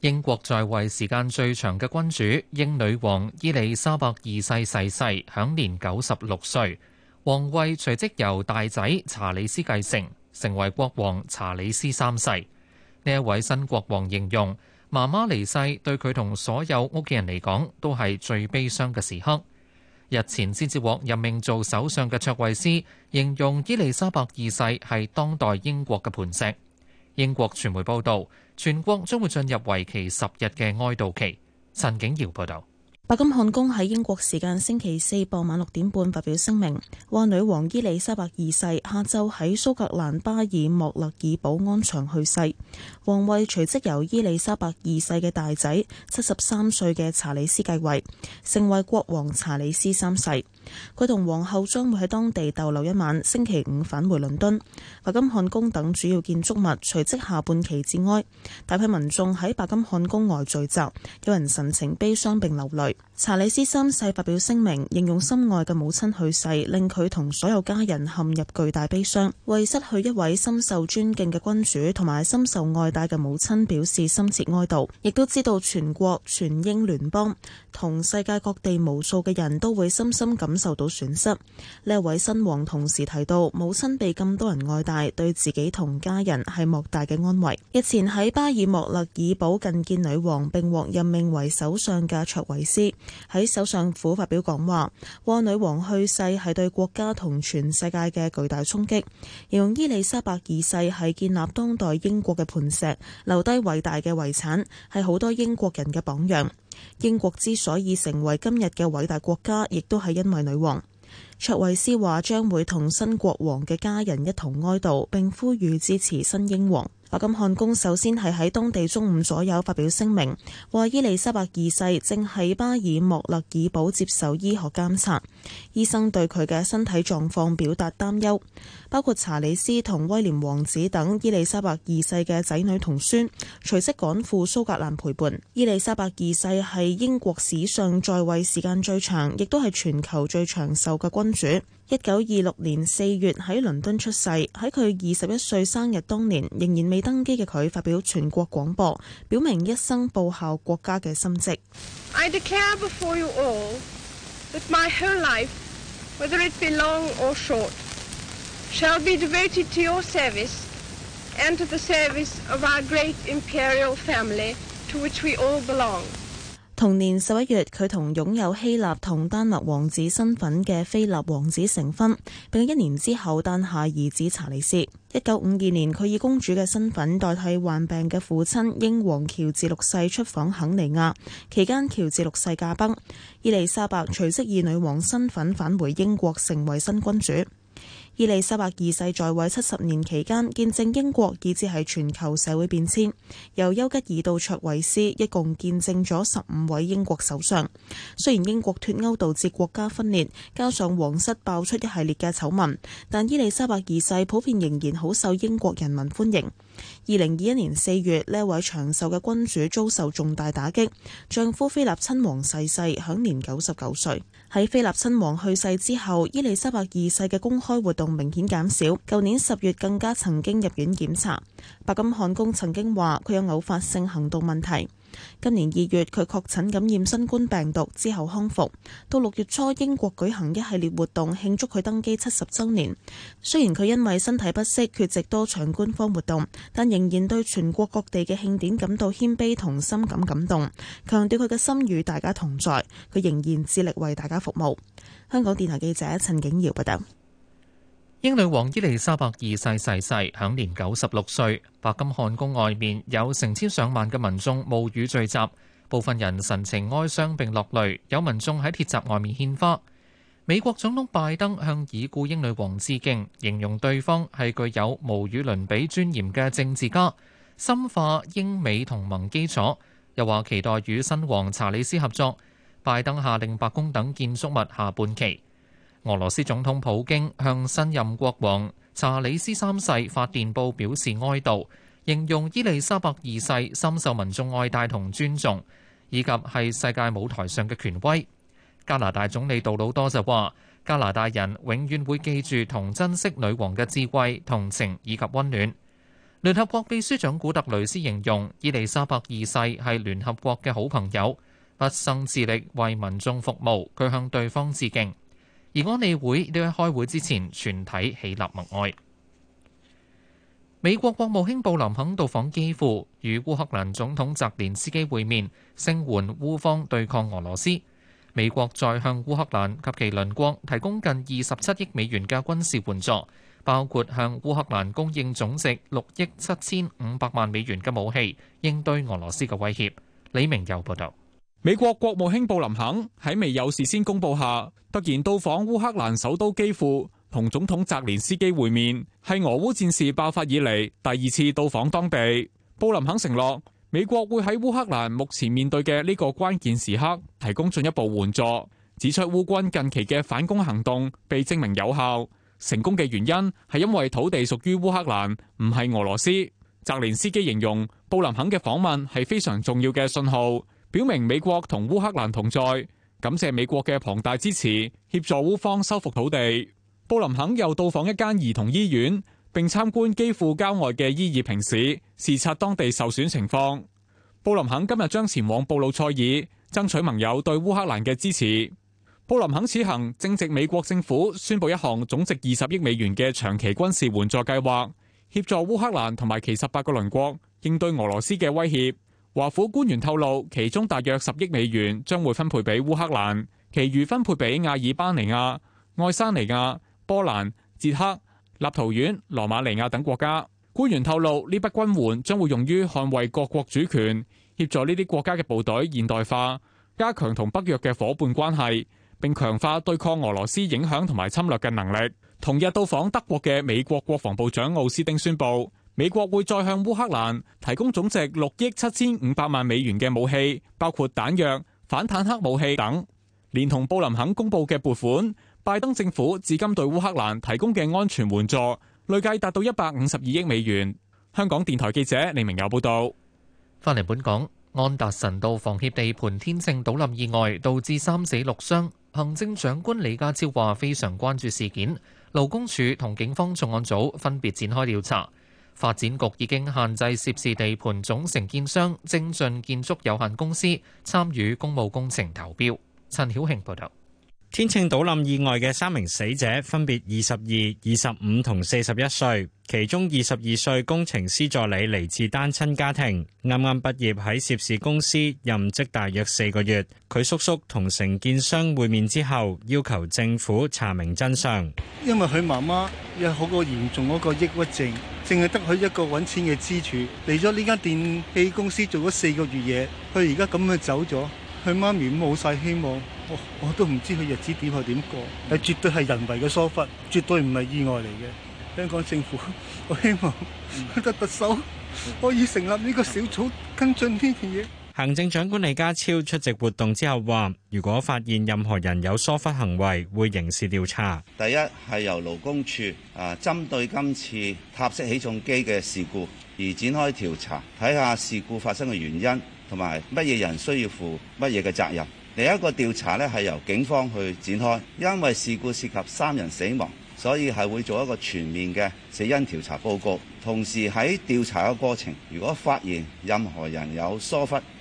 英國在位時間最長嘅君主英女王伊麗莎白二世逝世，世，世，世，享年九十六歲。王位隨即由大仔查理斯繼承，成為國王查理斯三世。呢一位新國王形容媽媽離世對佢同所有屋企人嚟講都係最悲傷嘅時刻。日前先至獲任命做首相嘅卓慧斯形容伊麗莎白二世係當代英國嘅磐石。英國傳媒報道，全國將會進入為期十日嘅哀悼期。陳景瑤報道，白金漢宮喺英國時間星期四傍晚六點半發表聲明，話女王伊麗莎白二世下晝喺蘇格蘭巴爾莫勒爾堡安詳去世，王位隨即由伊麗莎白二世嘅大仔七十三歲嘅查理斯繼位，成為國王查理斯三世。佢同皇后將會喺當地逗留一晚，星期五返回倫敦。白金漢宮等主要建築物隨即下半旗致哀，大批民眾喺白金漢宮外聚集，有人神情悲傷並流淚。查理斯三世發表聲明，形容心愛嘅母親去世，令佢同所有家人陷入巨大悲傷，為失去一位深受尊敬嘅君主同埋深受愛戴嘅母親表示深切哀悼。亦都知道全國、全英聯邦同世界各地無數嘅人都會深深感受到損失。呢一位新王同時提到，母親被咁多人愛戴，對自己同家人係莫大嘅安慰。日前喺巴爾莫勒爾堡覲見女王並獲任命為首相嘅卓慧思，喺首相府發表講話，話女王去世係對國家同全世界嘅巨大衝擊。形容伊麗莎白二世係建立當代英國嘅磐石，留低偉大嘅遺產，係好多英國人嘅榜樣。英國之所以成為今日嘅偉大國家，亦都係因為女王。卓維斯話將會同新國王嘅家人一同哀悼，並呼籲支持新英王。白金漢宮首先係喺當地中午左右發表聲明，話伊麗莎白二世正喺巴爾莫勒爾堡接受醫學監察。醫生對佢嘅身體狀況表達擔憂。包括查理斯同威廉王子等伊麗莎白二世嘅仔女同孫，隨即趕赴蘇格蘭陪伴。伊麗莎白二世係英國史上在位時間最長，亦都係全球最長壽嘅君主。一九二六年四月喺倫敦出世，喺佢二十一歲生日當年，仍然未登基嘅佢發表全國廣播，表明一生報效國家嘅心跡。同年十一月，佢同擁有希臘同丹麥王子身份嘅菲臘王子成婚。並一年之後誕下兒子查理斯。一九五二年，佢以公主嘅身份代替患病嘅父親英皇喬治六世出訪肯尼亞，期間喬治六世駕崩，伊麗莎白隨即以女王身份返回英國，成為新君主。伊利沙伯二世在位七十年期間，見證英國以至係全球社會變遷。由丘吉爾到卓慧思，一共見證咗十五位英國首相。雖然英國脫歐導致國家分裂，加上皇室爆出一系列嘅醜聞，但伊利沙伯二世普遍仍然好受英國人民歡迎。二零二一年四月，呢位長壽嘅君主遭受重大打擊，丈夫菲臘親王逝世，世，享年九十九歲。喺菲立親王去世之後，伊利沙伯二世嘅公開活動明顯減少。舊年十月更加曾經入院檢查，白金漢宮曾經話佢有偶發性行動問題。今年二月，佢確診感染新冠病毒之後康復。到六月初，英國舉行一系列活動慶祝佢登基七十週年。雖然佢因為身體不適缺席多場官方活動，但仍然對全國各地嘅慶典感到謙卑同深感感動，強調佢嘅心與大家同在。佢仍然致力為大家服務。香港電台記者陳景瑤報道。拜拜。英女王伊麗莎白二世逝世，世，享年九十六歲，白金漢宮外面有成千上萬嘅民眾冒雨聚集，部分人神情哀傷並落淚，有民眾喺鐵閘外面獻花。美國總統拜登向已故英女王致敬，形容對方係具有無與倫比尊嚴嘅政治家，深化英美同盟基礎，又話期待與新王查理斯合作。拜登下令白宮等建築物下半旗。俄羅斯總統普京向新任國王查理斯三世發電報，表示哀悼，形容伊麗莎白二世深受民眾愛戴同尊重，以及係世界舞台上嘅權威。加拿大總理杜魯多就話，加拿大人永遠會記住同珍惜女王嘅智慧、同情以及溫暖。聯合國秘書長古特雷斯形容伊麗莎白二世係聯合國嘅好朋友，畢生致力為民眾服務。佢向對方致敬。而安理會喺、這個、開會之前，全體起立默哀。美國國務卿布林肯到訪基輔，與烏克蘭總統澤連斯基會面，聲援烏方對抗俄羅斯。美國再向烏克蘭及其鄰國提供近二十七億美元嘅軍事援助，包括向烏克蘭供應總值六億七千五百萬美元嘅武器，應對俄羅斯嘅威脅。李明又報道。美國國務卿布林肯喺未有事先公布下，突然到訪烏克蘭首都基輔，同總統澤連斯基會面，係俄烏戰事爆發以嚟第二次到訪當地。布林肯承諾，美國會喺烏克蘭目前面對嘅呢個關鍵時刻提供進一步援助，指出烏軍近期嘅反攻行動被證明有效，成功嘅原因係因為土地屬於烏克蘭，唔係俄羅斯。澤連斯基形容布林肯嘅訪問係非常重要嘅信號。表明美國同烏克蘭同在，感謝美國嘅龐大支持，協助烏方收復土地。布林肯又到訪一間兒童醫院，並參觀基輔郊外嘅伊爾平市，視察當地受損情況。布林肯今日將前往布魯塞爾，爭取盟友對烏克蘭嘅支持。布林肯此行正值美國政府宣布一項總值二十億美元嘅長期軍事援助計劃，協助烏克蘭同埋其十八個鄰國應對俄羅斯嘅威脅。華府官員透露，其中大約十億美元將會分配俾烏克蘭，其餘分配俾阿爾巴尼亞、愛沙尼亞、波蘭、捷克、立陶宛、羅馬尼亞等國家。官員透露，呢筆軍援將會用於捍衛各國主權，協助呢啲國家嘅部隊現代化，加強同北約嘅伙伴關係，並強化對抗俄羅斯影響同埋侵略嘅能力。同日到訪德國嘅美國國防部長奧斯丁宣布。美國會再向烏克蘭提供總值六億七千五百萬美元嘅武器，包括彈藥、反坦克武器等，連同布林肯公布嘅撥款，拜登政府至今對烏克蘭提供嘅安全援助累計達到一百五十二億美元。香港電台記者李明有報導。翻嚟本港，安達臣道房協地盤天秤倒冧意外，導致三死六傷。行政長官李家超話非常關注事件，勞工處同警方重案組分別展開調查。發展局已經限制涉事地盤總承建商精進建築有限公司參與公務工程投標，陳曉慶報道。天秤倒冧意外嘅三名死者分別二十二、二十五同四十一歲，其中二十二歲工程師助理嚟自單親家庭，啱啱畢業喺涉事公司任職大約四個月。佢叔叔同承建商會面之後，要求政府查明真相，因為佢媽媽有好個嚴重嗰個抑鬱症。淨係得佢一個揾錢嘅支柱，嚟咗呢間電器公司做咗四個月嘢，佢而家咁嘅走咗，佢媽咪冇晒希望，我我都唔知佢日子點去點過，係絕對係人為嘅疏忽，絕對唔係意外嚟嘅。香港政府，我希望佢個特首可以成立呢個小組跟進呢件嘢。行政長官李家超出席活動之後話，如果發現任何人有疏忽行為，會刑事調查。第一係由勞工處啊，針對今次塔式起重機嘅事故而展開調查，睇下事故發生嘅原因，同埋乜嘢人需要負乜嘢嘅責任。另一個調查呢係由警方去展開，因為事故涉及三人死亡，所以係會做一個全面嘅死因調查報告。同時喺調查嘅過程，如果發現任何人有疏忽，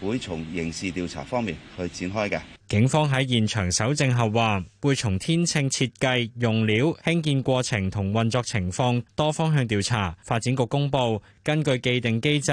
會從刑事調查方面去展開嘅。警方喺現場搜證後話，會從天秤設計、用料、興建過程同運作情況多方向調查。發展局公布，根據既定機制，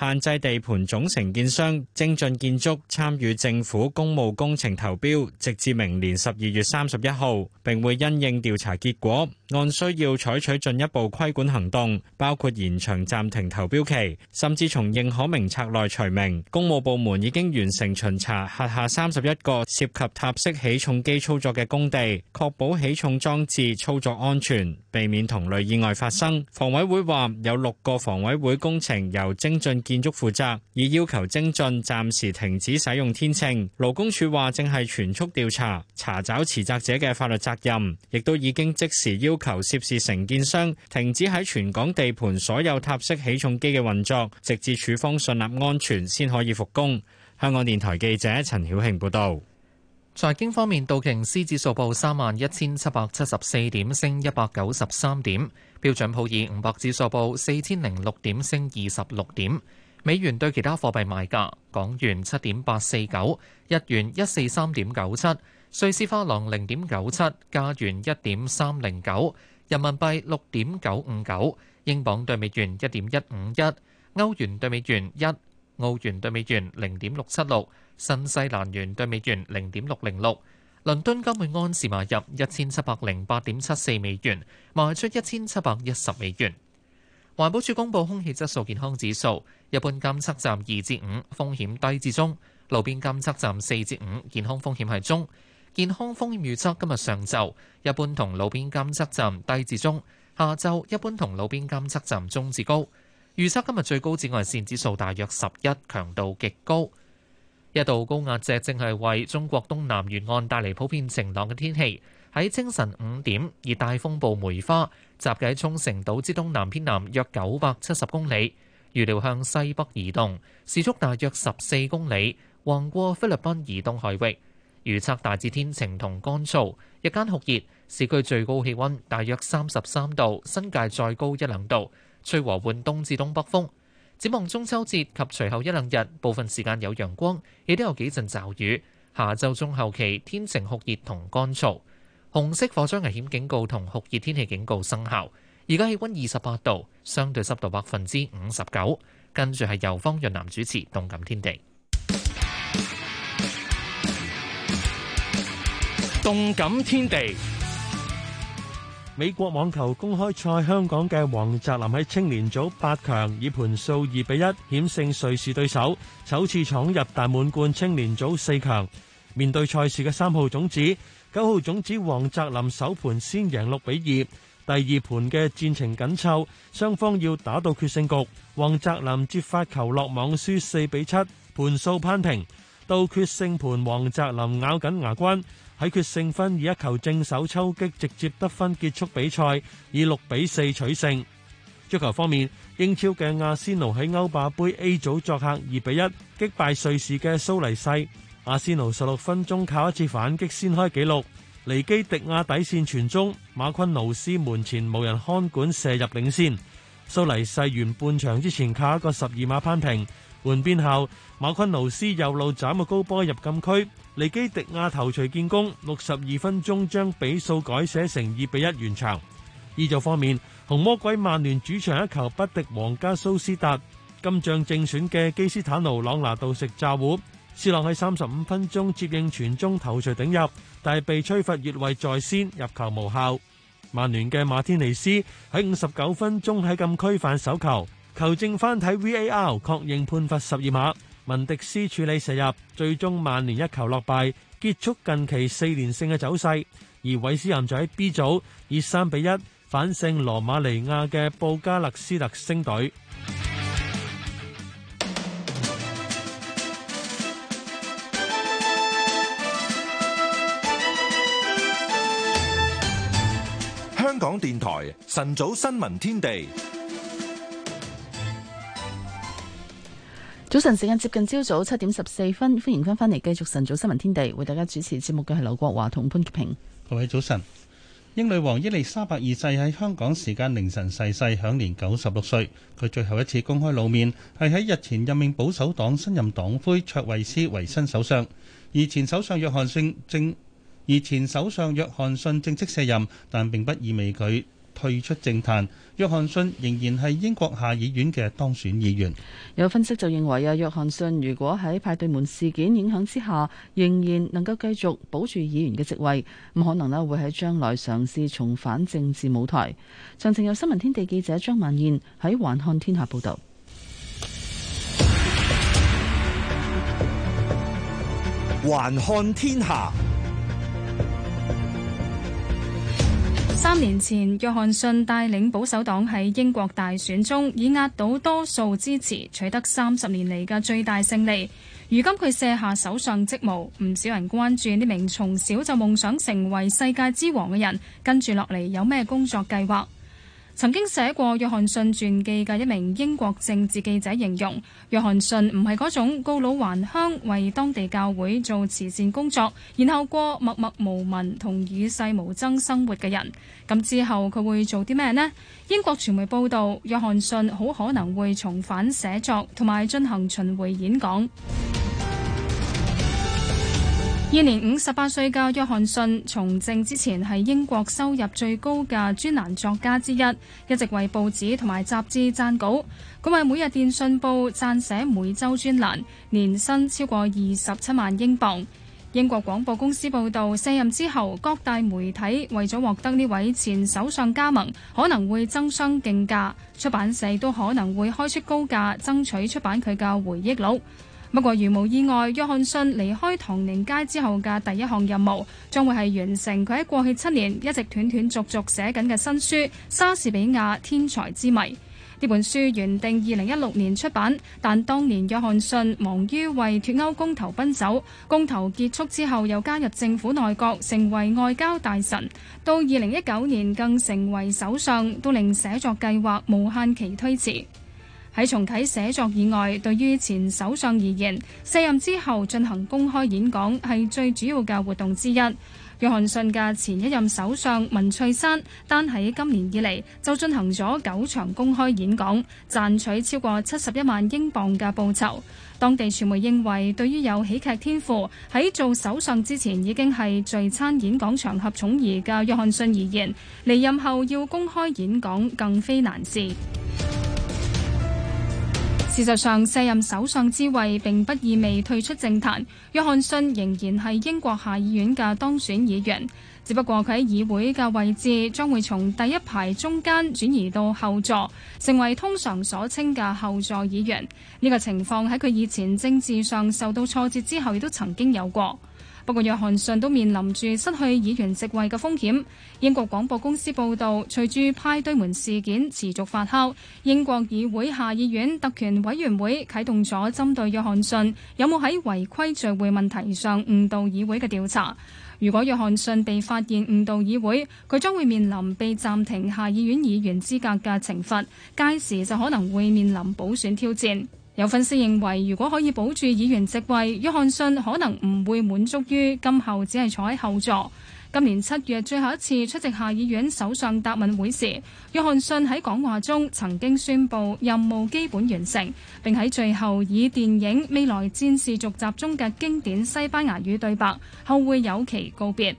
限制地盤總承建商精進建築參與政府公務工程投標直至明年十二月三十一號，並會因應調查結果，按需要採取進一步規管行動，包括延長暫停投標期，甚至從認可名冊內除名公務。部門已經完成巡查轄下三十一個涉及塔式起重機操作嘅工地，確保起重裝置操作安全，避免同類意外發生。房委會話有六個房委會工程由精進建築負責，已要求精進暫時停止使用天秤。勞工處話正係全速調查，查找持責者嘅法律責任，亦都已經即時要求涉事承建商停止喺全港地盤所有塔式起重機嘅運作，直至處方信納安全先可以復工香港電台記者陳曉慶報道。財經方面，道瓊斯指數報三萬一千七百七十四點，升一百九十三點；標準普爾五百指數報四千零六點，升二十六點。美元對其他貨幣賣價：港元七點八四九，日元一四三點九七，瑞士法郎零點九七，加元一點三零九，人民幣六點九五九，英鎊兌美元一點一五一，歐元兌美元一。澳元兌美元零點六七六，新西蘭元兌美元零點六零六。倫敦金每盎司買入一千七百零八點七四美元，賣出一千七百一十美元。環保署公布空氣質素健康指數，一般監測站二至五，風險低至中；路邊監測站四至五，健康風險係中。健康風險預測今日上晝一般同路邊監測站低至中，下晝一般同路邊監測站中至高。預測今日最高紫外線指數大約十一，強度極高。一道高壓脊正係為中國東南沿岸帶嚟普遍晴朗嘅天氣。喺清晨五點，熱帶風暴梅花集結喺沖繩島之東南偏南約九百七十公里，預料向西北移動，時速大約十四公里，橫過菲律賓移動海域。預測大致天晴同乾燥，日間酷熱，市區最高氣溫大約三十三度，新界再高一兩度。吹和緩東至東北風，展望中秋節及隨後一兩日，部分時間有陽光，亦都有幾陣驟雨。下週中後期天晴酷熱同乾燥，紅色火災危險警告同酷熱天氣警告生效。而家氣温二十八度，相對濕度百分之五十九。跟住係由方潤南主持《動感天地》。《動感天地》美國網球公開賽，香港嘅王澤林喺青年組八強以盤數二比一險勝瑞士對手，首次闖入大滿貫青年組四強。面對賽事嘅三號種子、九號種子，王澤林，首盤先贏六比二，第二盤嘅戰情緊湊，雙方要打到決勝局。王澤林接發球落網，輸四比七，盤數攀平。到決勝盤，王澤林咬緊牙關。喺決勝分以一球正手抽擊直接得分，結束比賽，以六比四取勝。足球方面，英超嘅阿仙奴喺歐霸盃 A 組作客二比一擊敗瑞士嘅蘇黎世。阿仙奴十六分鐘靠一次反擊先開紀錄，尼基迪亞底線傳中，馬昆勞斯門前無人看管射入領先。蘇黎世完半場之前靠一個十二碼攀平。換邊後，馬昆奴斯右路斬個高波入禁區，尼基迪亞頭槌建功，六十二分鐘將比數改寫成二比一完場。意組方面，紅魔鬼曼聯主場一球不敵皇家蘇斯達，金將正選嘅基斯坦奴朗拿度食詐糊，斯朗喺三十五分鐘接應傳中頭槌頂入，但係被吹罰越位在先入球無效。曼聯嘅馬天尼斯喺五十九分鐘喺禁區犯手球。求證翻睇 VAR，確認判罰十二碼，文迪斯處理射入，最終曼聯一球落敗，結束近期四連勝嘅走勢。而韋斯咸就喺 B 組以三比一反勝羅馬尼亞嘅布加勒斯特星隊。香港電台晨早新聞天地。早晨時間接近朝早七點十四分，歡迎翻返嚟繼續晨早新聞天地，為大家主持節目嘅係劉國華同潘潔平。各位早晨，英女王伊麗莎白二世喺香港時間凌晨逝世，享年九十六歲。佢最後一次公開露面，係喺日前任命保守黨新任黨魁卓維斯為新首相，而前首相約翰遜正而前首相約翰遜正式卸任，但並不意味佢。退出政壇，約翰遜仍然係英國下議院嘅當選議員。有分析就認為啊，約翰遜如果喺派對門事件影響之下，仍然能夠繼續保住議員嘅職位，咁可能咧會喺將來嘗試重返政治舞台。詳情由新聞天地記者張曼燕喺環看天下報道。環看天下。三年前，約翰遜帶領保守黨喺英國大選中以壓倒多數支持，取得三十年嚟嘅最大勝利。如今佢卸下手上職務，唔少人關注呢名從小就夢想成為世界之王嘅人，跟住落嚟有咩工作計劃。曾經寫過約翰遜傳記嘅一名英國政治記者形容，約翰遜唔係嗰種告老還鄉，為當地教會做慈善工作，然後過默默無聞同與世無爭生活嘅人。咁之後佢會做啲咩呢？英國傳媒報道，約翰遜好可能會重返寫作，同埋進行巡迴演講。現年五十八歲嘅約翰遜從政之前係英國收入最高嘅專欄作家之一，一直為報紙同埋雜誌撰稿。佢為每日電訊報撰寫每週專欄，年薪超過二十七萬英鎊。英國廣播公司報道，卸任之後，各大媒體為咗獲得呢位前首相加盟，可能會爭相競價，出版社都可能會開出高價爭取出版佢嘅回憶錄。不過，如無意外，約翰遜離開唐寧街之後嘅第一項任務，將會係完成佢喺過去七年一直斷斷續續寫緊嘅新書《莎士比亞天才之謎》。呢本書原定二零一六年出版，但當年約翰遜忙於為脱歐公投奔走，公投結束之後又加入政府內閣，成為外交大臣，到二零一九年更成為首相，都令寫作計劃無限期推遲。喺重啟寫作以外，對於前首相而言，卸任之後進行公開演講係最主要嘅活動之一。約翰遜嘅前一任首相文翠珊，單喺今年以嚟就進行咗九場公開演講，賺取超過七十一萬英鎊嘅報酬。當地傳媒認為，對於有喜劇天賦喺做首相之前已經係聚餐演講場合寵兒嘅約翰遜而言，離任後要公開演講更非難事。事實上，卸任首相之位並不意味退出政壇，約翰遜仍然係英國下議院嘅當選議員。只不過佢喺議會嘅位置將會從第一排中間轉移到後座，成為通常所稱嘅後座議員。呢個情況喺佢以前政治上受到挫折之後，亦都曾經有過。不過，約翰遜都面臨住失去議員席位嘅風險。英國廣播公司報道，隨住派對門事件持續發酵，英國議會下議院特權委員會啟動咗針對約翰遜有冇喺違規聚會問題上誤導議會嘅調查。如果約翰遜被發現誤導議會，佢將會面臨被暫停下議院議員資格嘅懲罰，屆時就可能會面臨補選挑戰。有分析認為，如果可以保住議員席位，約翰遜可能唔會滿足於今後只係坐喺後座。今年七月最後一次出席下議院首相答問會時，約翰遜喺講話中曾經宣布任務基本完成，並喺最後以電影《未來戰士》續集中嘅經典西班牙語對白後會有期告別。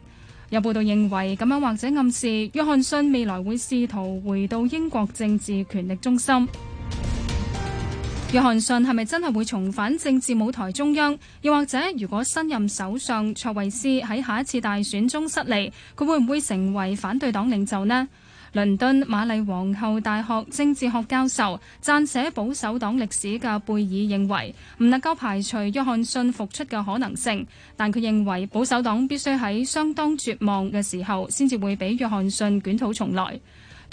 有報道認為，咁樣或者暗示約翰遜未來會試圖回到英國政治權力中心。約翰遜係咪真係會重返政治舞台中央？又或者，如果新任首相卓慧思喺下一次大選中失利，佢會唔會成為反對黨領袖呢？倫敦瑪麗皇后大學政治學教授、撰寫保守黨歷史嘅貝爾認為，唔能夠排除約翰遜復出嘅可能性，但佢認為保守黨必須喺相當絕望嘅時候，先至會俾約翰遜捲土重來。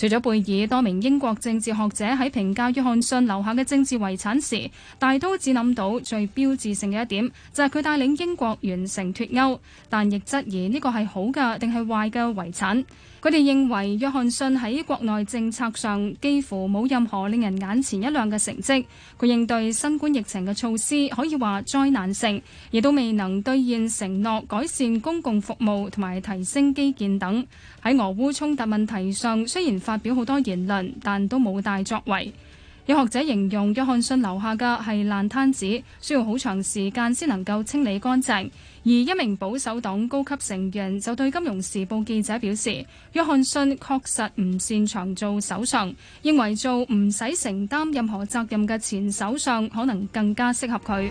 除咗貝爾，多名英國政治學者喺評價約翰遜留下嘅政治遺產時，大都只諗到最標誌性嘅一點，就係、是、佢帶領英國完成脱歐，但亦質疑呢個係好嘅定係壞嘅遺產。佢哋認為，約翰遜喺國內政策上幾乎冇任何令人眼前一亮嘅成績。佢應對新冠疫情嘅措施可以話災難性，亦都未能兌現承諾改善公共服務同埋提升基建等。喺俄烏衝突問題上，雖然發表好多言論，但都冇大作為。有學者形容約翰遜留下嘅係爛攤子，需要好長時間先能夠清理乾淨。而一名保守黨高級成員就對《金融時報》記者表示，約翰遜確實唔擅長做首相，認為做唔使承擔任何責任嘅前首相可能更加適合佢。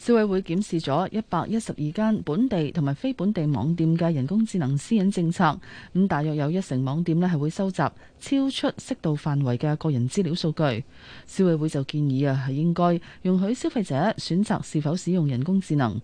消委會檢視咗一百一十二間本地同埋非本地網店嘅人工智能私隱政策，咁大約有一成網店呢係會收集超出適度範圍嘅個人資料數據。消委會就建議啊，係應該容許消費者選擇是否使用人工智能。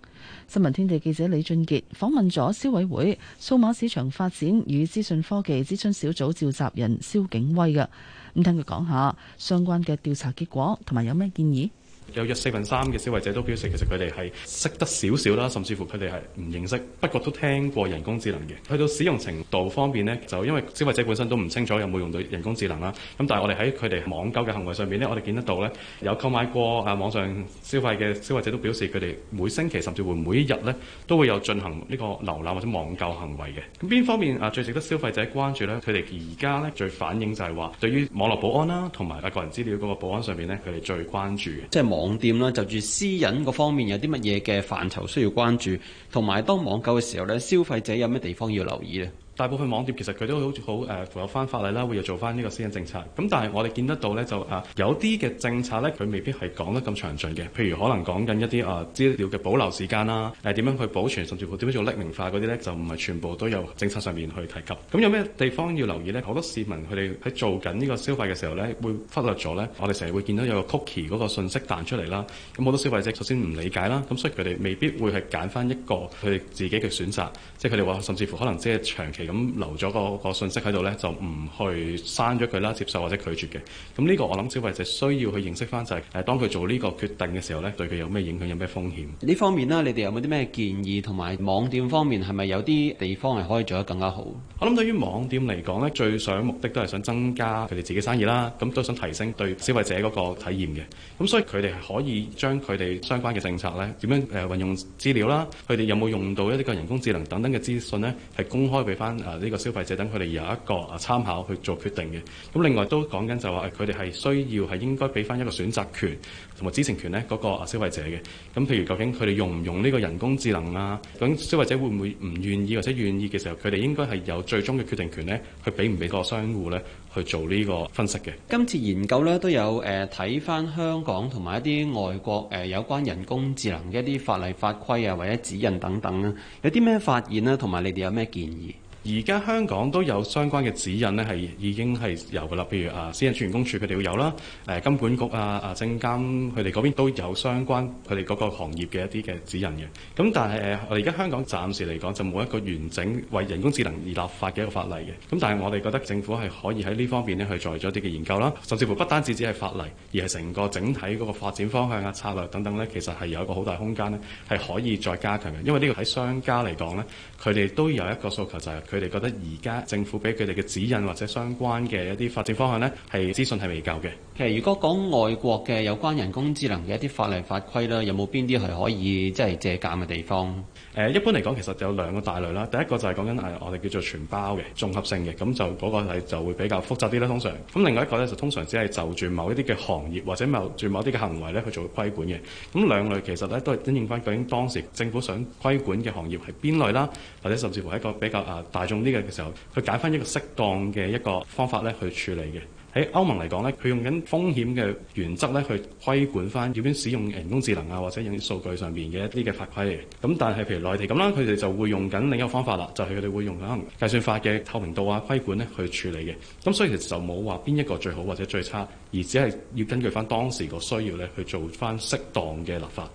新聞天地記者李俊杰訪問咗消委會數碼市場發展與資訊科技諮詢小組召集人蕭景威嘅，咁聽佢講下相關嘅調查結果同埋有咩建議。有約四分三嘅消費者都表示，其實佢哋係識得少少啦，甚至乎佢哋係唔認識，不過都聽過人工智能嘅。去到使用程度方面呢，就因為消費者本身都唔清楚有冇用到人工智能啦。咁但係我哋喺佢哋網購嘅行為上面呢，我哋見得到呢，有購買過啊網上消費嘅消費者都表示，佢哋每星期甚至乎每一日呢，都會有進行呢個瀏覽或者網購行為嘅。咁邊方面啊最值得消費者關注呢？佢哋而家呢，最反映就係話，對於網絡保安啦，同埋嘅個人資料嗰個保安上面呢，佢哋最關注嘅。即係網。網店啦，就住私隱嗰方面有啲乜嘢嘅範疇需要關注，同埋當網購嘅時候咧，消費者有咩地方要留意咧？ 大部分網店其實佢都好似好誒，符合翻法例啦，會又做翻呢個私隱政策。咁但係我哋見得到咧，就啊、呃、有啲嘅政策咧，佢未必係講得咁詳盡嘅。譬如可能講緊一啲啊資料嘅保留時間啦，誒、呃、點樣去保存，甚至乎點樣做匿名化嗰啲咧，就唔係全部都有政策上面去提及。咁有咩地方要留意咧？好多市民佢哋喺做緊呢個消費嘅時候咧，會忽略咗咧。我哋成日會見到有個 cookie 嗰個信息彈出嚟啦。咁好多消費者首先唔理解啦，咁所以佢哋未必會係揀翻一個佢哋自己嘅選擇，即係佢哋話甚至乎可能即係長期。咁留咗個信息喺度呢，就唔去刪咗佢啦，接受或者拒絕嘅。咁呢個我諗消費者需要去認識翻就係誒，當佢做呢個決定嘅時候呢，對佢有咩影響，有咩風險？呢方面咧，你哋有冇啲咩建議，同埋網店方面係咪有啲地方係可以做得更加好？我諗對於網店嚟講呢，最想目的都係想增加佢哋自己生意啦，咁都想提升對消費者嗰個體驗嘅。咁所以佢哋可以將佢哋相關嘅政策呢，點樣誒運用資料啦，佢哋有冇用到一啲個人工智能等等嘅資訊呢？係公開俾翻。啊！呢、這個消費者等佢哋有一個啊參考去做決定嘅。咁、啊、另外都講緊就話，佢哋係需要係應該俾翻一個選擇權同埋知情權呢嗰個啊消費者嘅。咁、啊、譬如究竟佢哋用唔用呢個人工智能啊？咁消費者會唔會唔願意或者願意嘅時候，佢哋應該係有最終嘅決定權呢去俾唔俾個商戶呢去做呢個分析嘅。今次研究呢都有誒睇翻香港同埋一啲外國誒、呃、有關人工智能嘅一啲法例法規啊，或者指引等等咧、啊，有啲咩發現呢、啊？同埋你哋有咩建議？而家香港都有相關嘅指引呢係已經係有噶啦。譬如啊，私隱專員公署佢哋會有啦，誒、啊、金管局啊、啊證監佢哋嗰邊都有相關佢哋嗰個行業嘅一啲嘅指引嘅。咁但係誒，我哋而家香港暫時嚟講就冇一個完整為人工智能而立法嘅一個法例嘅。咁但係我哋覺得政府係可以喺呢方面咧去做咗啲嘅研究啦，甚至乎不單止只係法例，而係成個整體嗰個發展方向啊、策略等等呢，其實係有一個好大空間呢，係可以再加強嘅。因為呢個喺商家嚟講呢，佢哋都有一個訴求就係、佢佢哋覺得而家政府俾佢哋嘅指引或者相關嘅一啲發展方向咧，係資訊係未夠嘅。其實如果講外國嘅有關人工智能嘅一啲法例法規啦，有冇邊啲係可以即係、就是、借鑒嘅地方？誒一般嚟講，其實就有兩個大類啦。第一個就係講緊誒，我哋叫做全包嘅綜合性嘅，咁就嗰、嗰個就會比較複雜啲啦。通常，咁另外一個咧就通常只係就住某一啲嘅行業或者某住某一啲嘅行為咧去做規管嘅。咁兩類其實咧都係真正翻究竟當時政府想規管嘅行業係邊類啦，或者甚至乎係一個比較誒、呃、大眾啲嘅時候，去揀翻一個適當嘅一個方法咧去處理嘅。喺歐盟嚟講咧，佢用緊風險嘅原則咧去規管翻點樣使用人工智能啊，或者用啲數據上邊嘅一啲嘅法規嚟。咁但係譬如內地咁啦，佢哋就會用緊另一個方法啦，就係佢哋會用可能計算法嘅透明度啊規管咧去處理嘅。咁所以其實就冇話邊一個最好或者最差，而只係要根據翻當時個需要咧去做翻適當嘅立法。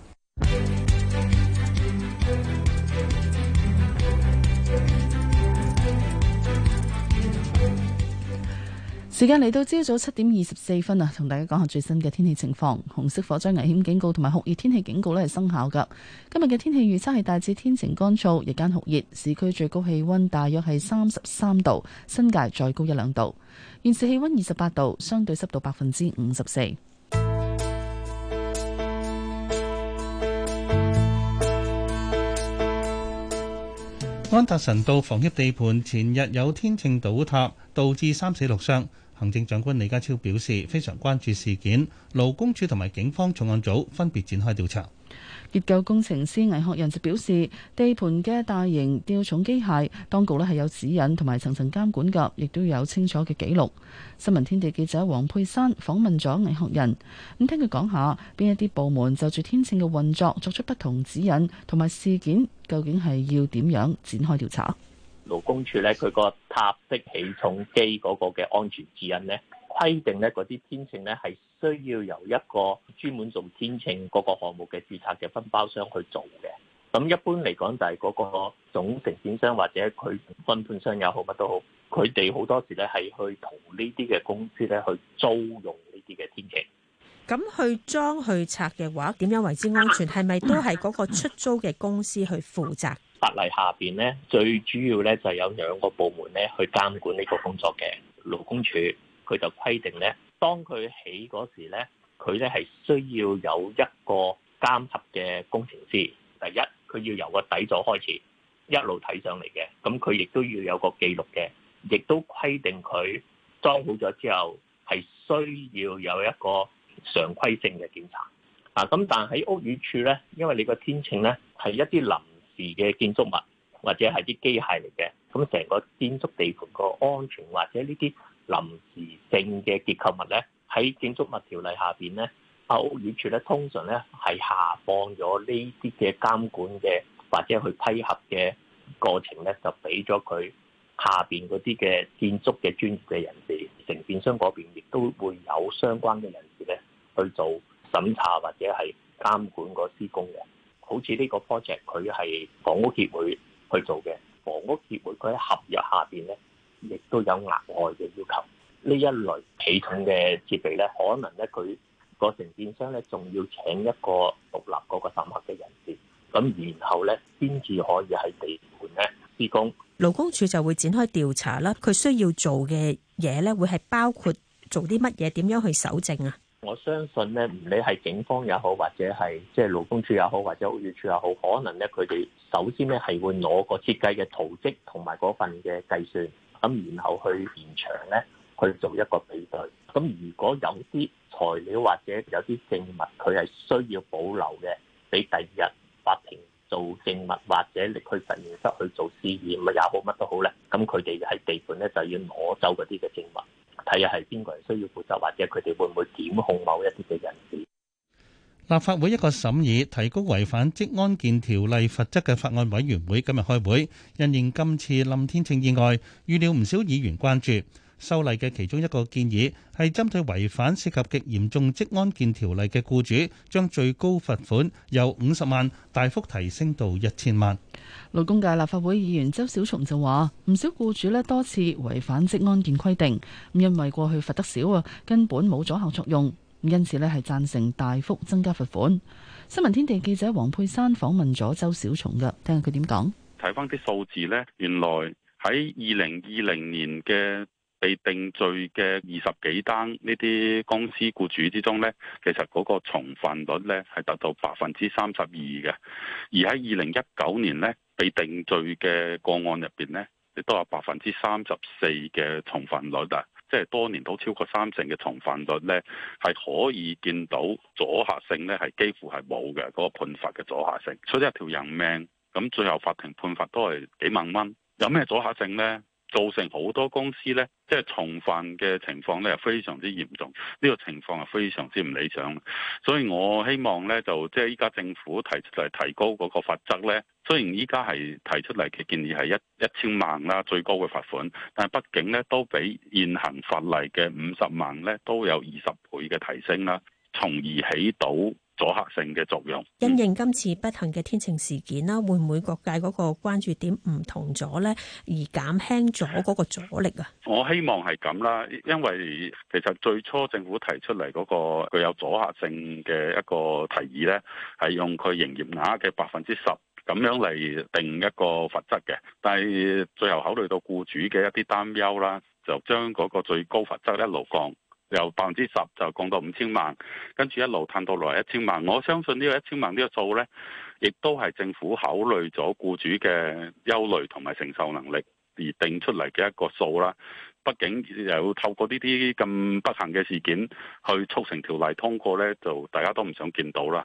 時間嚟到朝早七點二十四分啊，同大家講下最新嘅天氣情況。紅色火災危險警告同埋酷熱天氣警告咧係生效噶。今日嘅天氣預測係大致天晴乾燥，日間酷熱，市區最高氣溫大約係三十三度，新界再高一兩度。現時氣溫二十八度，相對濕度百分之五十四。安達臣道防溢地盤前日有天秤倒塌，導致三死六傷。行政長官李家超表示非常關注事件，勞工處同埋警方重案組分別展開調查。結構工程師魏學仁就表示，地盤嘅大型吊重機械，當局咧係有指引同埋層層監管㗎，亦都有清楚嘅記錄。新聞天地記者黃佩珊訪問咗魏學仁，咁聽佢講下邊一啲部門就住天秤嘅運作作出不同指引，同埋事件究竟係要點樣展開調查？勞工處咧，佢個塔式起重機嗰個嘅安全指引咧，規定咧，嗰啲天秤咧係需要由一個專門做天秤嗰個項目嘅註冊嘅分包商去做嘅。咁一般嚟講就係嗰個總承建商，或者佢分判商又好，乜都好，佢哋好多時咧係去同呢啲嘅公司咧去租用呢啲嘅天秤。咁去裝去拆嘅話，點樣為之安全？係咪都係嗰個出租嘅公司去負責？法例下邊咧，最主要咧就是、有兩個部門咧去監管呢個工作嘅。勞工處，佢就規定咧，當佢起嗰時咧，佢咧係需要有一個監測嘅工程師。第一，佢要由個底座開始一路睇上嚟嘅。咁佢亦都要有個記錄嘅，亦都規定佢裝好咗之後係需要有一個常規性嘅檢查啊。咁但喺屋宇署咧，因為你個天秤咧係一啲臨而嘅建築物或者係啲機械嚟嘅，咁成個建築地盤個安全或者呢啲臨時性嘅結構物咧，喺建築物條例下邊咧，啊屋宇署咧通常咧係下放咗呢啲嘅監管嘅或者去批核嘅過程咧，就俾咗佢下邊嗰啲嘅建築嘅專業嘅人士，承建商嗰邊亦都會有相關嘅人士咧去做審查或者係監管個施工嘅。好似呢個 project，佢係房屋協會去做嘅。房屋協會佢喺合約下邊咧，亦都有額外嘅要求。呢一類系統嘅設備咧，可能咧佢個承建商咧，仲要請一個獨立嗰個審核嘅人士。咁然後咧，先至可以喺地盤咧施工。勞工處就會展開調查啦。佢需要做嘅嘢咧，會係包括做啲乜嘢？點樣去搜證啊？我相信咧，唔理係警方也好，或者係即係勞工處也好，或者屋宇署也好，可能咧佢哋首先咧係會攞個設計嘅圖則同埋嗰份嘅計算，咁然後去現場咧去做一個比對。咁如果有啲材料或者有啲證物，佢係需要保留嘅，俾第二日法庭做證物，或者你去實驗室去做試驗，咪也好乜都好咧。咁佢哋喺地盤咧就要攞走嗰啲嘅證物。睇下係邊個人需要負責，或者佢哋會唔會檢控某一啲嘅人士？立法會一個審議提高違反職安健條例罰則嘅法案委員會今日開會，因應今次林天晴意外，預料唔少議員關注。修例嘅其中一個建議係針對違反涉及極嚴重職安健條例嘅僱主，將最高罰款由五十萬大幅提升到一千萬。勞工界立法會議員周小松就話：唔少僱主呢，多次違反職安健規定，咁因為過去罰得少啊，根本冇阻吓作用。咁因此呢係贊成大幅增加罰款。新聞天地記者黃佩珊訪問咗周小松嘅，聽下佢點講。睇翻啲數字呢，原來喺二零二零年嘅。被定罪嘅二十幾單呢啲公司雇主之中呢，其實嗰個重犯率呢係達到百分之三十二嘅，而喺二零一九年呢，被定罪嘅個案入邊呢，亦都有百分之三十四嘅重犯率啊，即係多年都超過三成嘅重犯率呢，係可以見到阻嚇性呢係幾乎係冇嘅嗰個判罰嘅阻嚇性，所以一條人命咁最後法庭判罰都係幾萬蚊，有咩阻嚇性呢？造成好多公司呢，即係重犯嘅情況呢，係非常之嚴重。呢個情況係非常之唔理想，所以我希望呢，就即係依家政府提出嚟提高嗰個罰則咧。雖然依家係提出嚟嘅建議係一一千萬啦，最高嘅罰款，但係畢竟呢都比現行法例嘅五十萬呢都有二十倍嘅提升啦，從而起到。.阻嚇性嘅作用，因應今次不幸嘅天晴事件啦，會唔會各界嗰個關注點唔同咗咧，而減輕咗嗰個阻力啊？我希望係咁啦，因為其實最初政府提出嚟嗰個具有阻嚇性嘅一個提議咧，係用佢營業額嘅百分之十咁樣嚟定一個罰則嘅，但係最後考慮到雇主嘅一啲擔憂啦，就將嗰個最高罰則一路降。由百分之十就降到五千萬，跟住一路探到來一千萬，我相信呢個一千萬呢個數咧，亦都係政府考慮咗僱主嘅憂慮同埋承受能力而定出嚟嘅一個數啦。畢竟又透過呢啲咁不幸嘅事件去促成條例通過咧，就大家都唔想見到啦。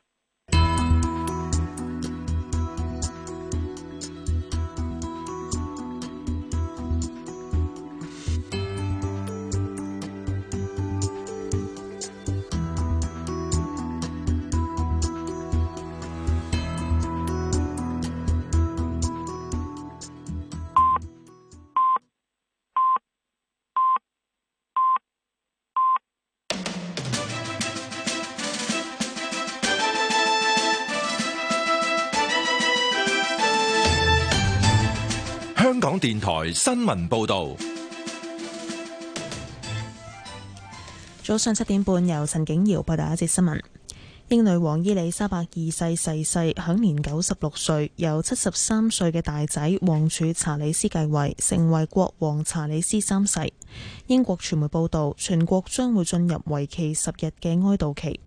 電台新聞報道：早上七點半，由陳景瑤報道一節新聞。英女王伊麗莎白二世逝世，世，享年九十六歲，由七十三歲嘅大仔王儲查理斯繼位，成為國王查理斯三世。英國傳媒報道，全國將會進入為期十日嘅哀悼期。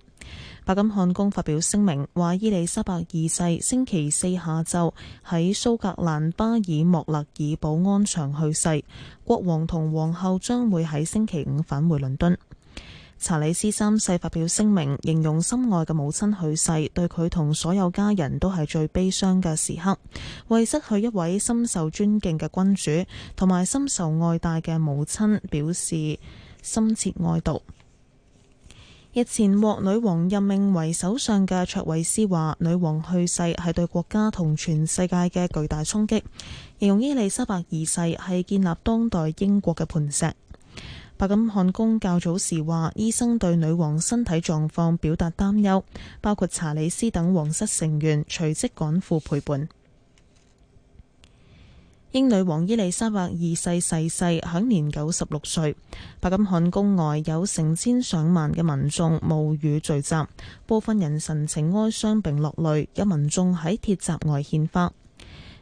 白金漢宮發表聲明，話伊莉莎白二世星期四下晝喺蘇格蘭巴爾莫勒爾堡安詳去世，國王同皇后將會喺星期五返回倫敦。查理斯三世發表聲明，形容心愛嘅母親去世對佢同所有家人都係最悲傷嘅時刻，為失去一位深受尊敬嘅君主同埋深受愛戴嘅母親表示深切哀悼。日前獲女王任命為首相嘅卓慧思話，女王去世係對國家同全世界嘅巨大衝擊，形容伊麗莎白二世係建立當代英國嘅磐石。白金漢宮較早時話，醫生對女王身體狀況表達擔憂，包括查理斯等皇室成員隨即趕赴陪陪伴。英女王伊麗莎白二世逝世，世，享年九十六歲。白金漢宮外有成千上萬嘅民眾冒雨聚集，部分人神情哀傷並落淚。有民眾喺鐵閘外獻花。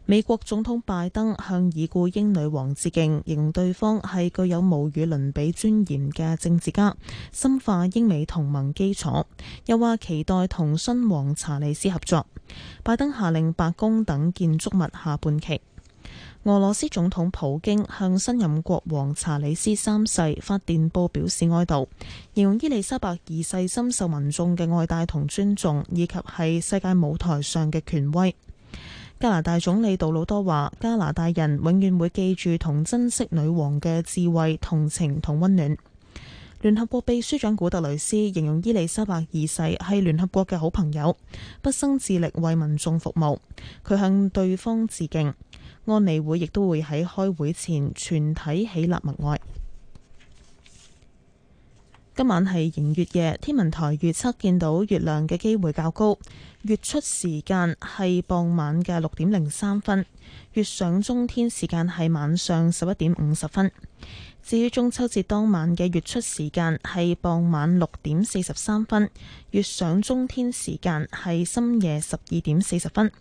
美國總統拜登向已故英女王致敬，認對方係具有無與倫比尊嚴嘅政治家，深化英美同盟基礎，又話期待同新王查理斯合作。拜登下令白宮等建築物下半旗。俄羅斯總統普京向新任國王查理斯三世發電報，表示哀悼，形容伊麗莎白二世深受民眾嘅愛戴同尊重，以及係世界舞台上嘅權威。加拿大總理杜魯多話：加拿大人永遠會記住同珍惜女王嘅智慧、同情同溫暖。聯合國秘書長古特雷斯形容伊麗莎白二世係聯合國嘅好朋友，畢生致力為民眾服務，佢向對方致敬。安理會亦都會喺開會前全體起立默哀。今晚係迎月夜，天文台預測見到月亮嘅機會較高。月出時間係傍晚嘅六點零三分，月上中天時間係晚上十一點五十分。至於中秋節當晚嘅月出時間係傍晚六點四十三分，月上中天時間係深夜十二點四十分。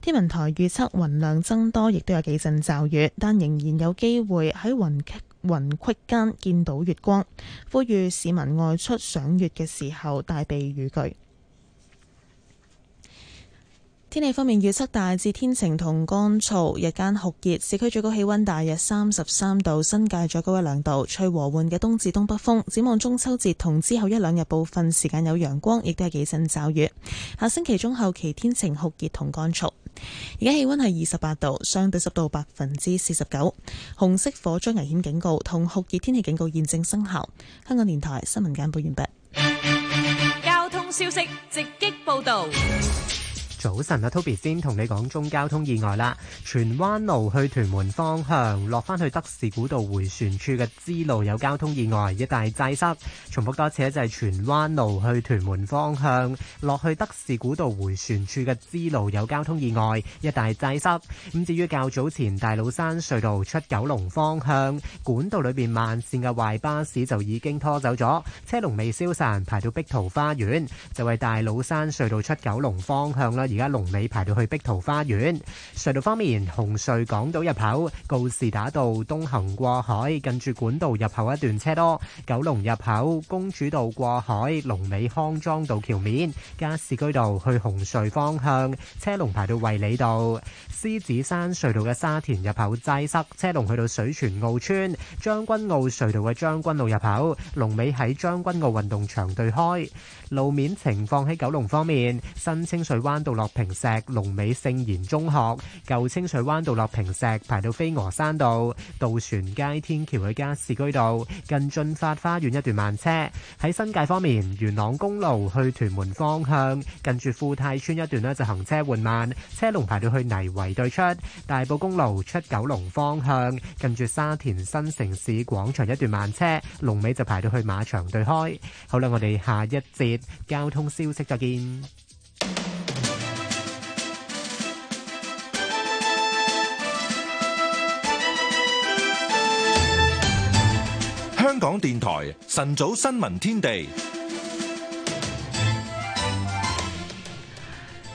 天文台預測雲量增多，亦都有幾陣驟雨，但仍然有機會喺雲雲隙間見到月光。呼籲市民外出賞月嘅時候帶備雨具。天氣方面預測大致天晴同乾燥，日間酷熱，市區最高氣温大約三十三度，新界再高一兩度，吹和緩嘅東至東北風。展望中秋節同之後一兩日，部分時間有陽光，亦都係幾陣驟雨。下星期中後期天晴酷熱同乾燥，而家氣温係二十八度，相對濕度百分之四十九。紅色火災危險警告同酷熱天氣警告現正生效。香港電台新聞簡報完畢。交通消息直擊報道。早晨，阿 Toby 先同你講中交通意外啦。荃灣路去屯門方向，落返去德士古道回旋處嘅支路有交通意外，一帶擠塞。重複多一次，就係荃灣路去屯門方向，落去德士古道回旋處嘅支路有交通意外，一帶擠塞。咁至於較早前大老山隧道出九龍方向，管道裏邊慢線嘅壞巴士就已經拖走咗，車龍未消散，排到碧桃花園，就為大老山隧道出九龍方向啦。而家龍尾排到去碧桃花園。隧道方面，紅隧港島入口告士打道東行過海，近住管道入口一段車多；九龍入口公主道過海，龍尾康莊道橋面，加士居道去紅隧方向車龍排到衛理道；獅子山隧道嘅沙田入口擠塞，車龍去到水泉澳村。將軍澳隧道嘅將軍澳入口，龍尾喺將軍澳運動場對開。路面情況喺九龍方面，新清水灣道落坪石、龍尾聖賢中學；舊清水灣道落坪石，排到飛鵝山道、渡船街天橋去加士居道；近駿發花園一段慢車。喺新界方面，元朗公路去屯門方向，近住富泰村一段呢就行車緩慢，車龍排到去泥圍對出；大埔公路出九龍方向，近住沙田新城市廣場一段慢車，龍尾就排到去馬場對開。好啦，我哋下一節。交通消息，再見。香港電台晨早新聞天地，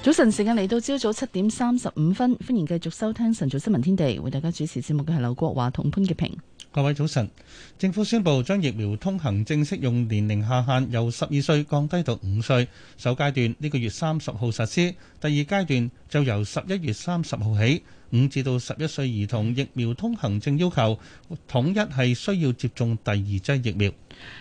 早晨時間嚟到朝早七點三十五分。歡迎繼續收聽晨早新聞天地，為大家主持節目嘅係劉國華同潘潔平。各位早晨，政府宣布將疫苗通行證適用年齡下限由十二歲降低到五歲，首階段呢個月三十號實施，第二階段就由十一月三十號起，五至到十一歲兒童疫苗通行證要求統一係需要接種第二劑疫苗。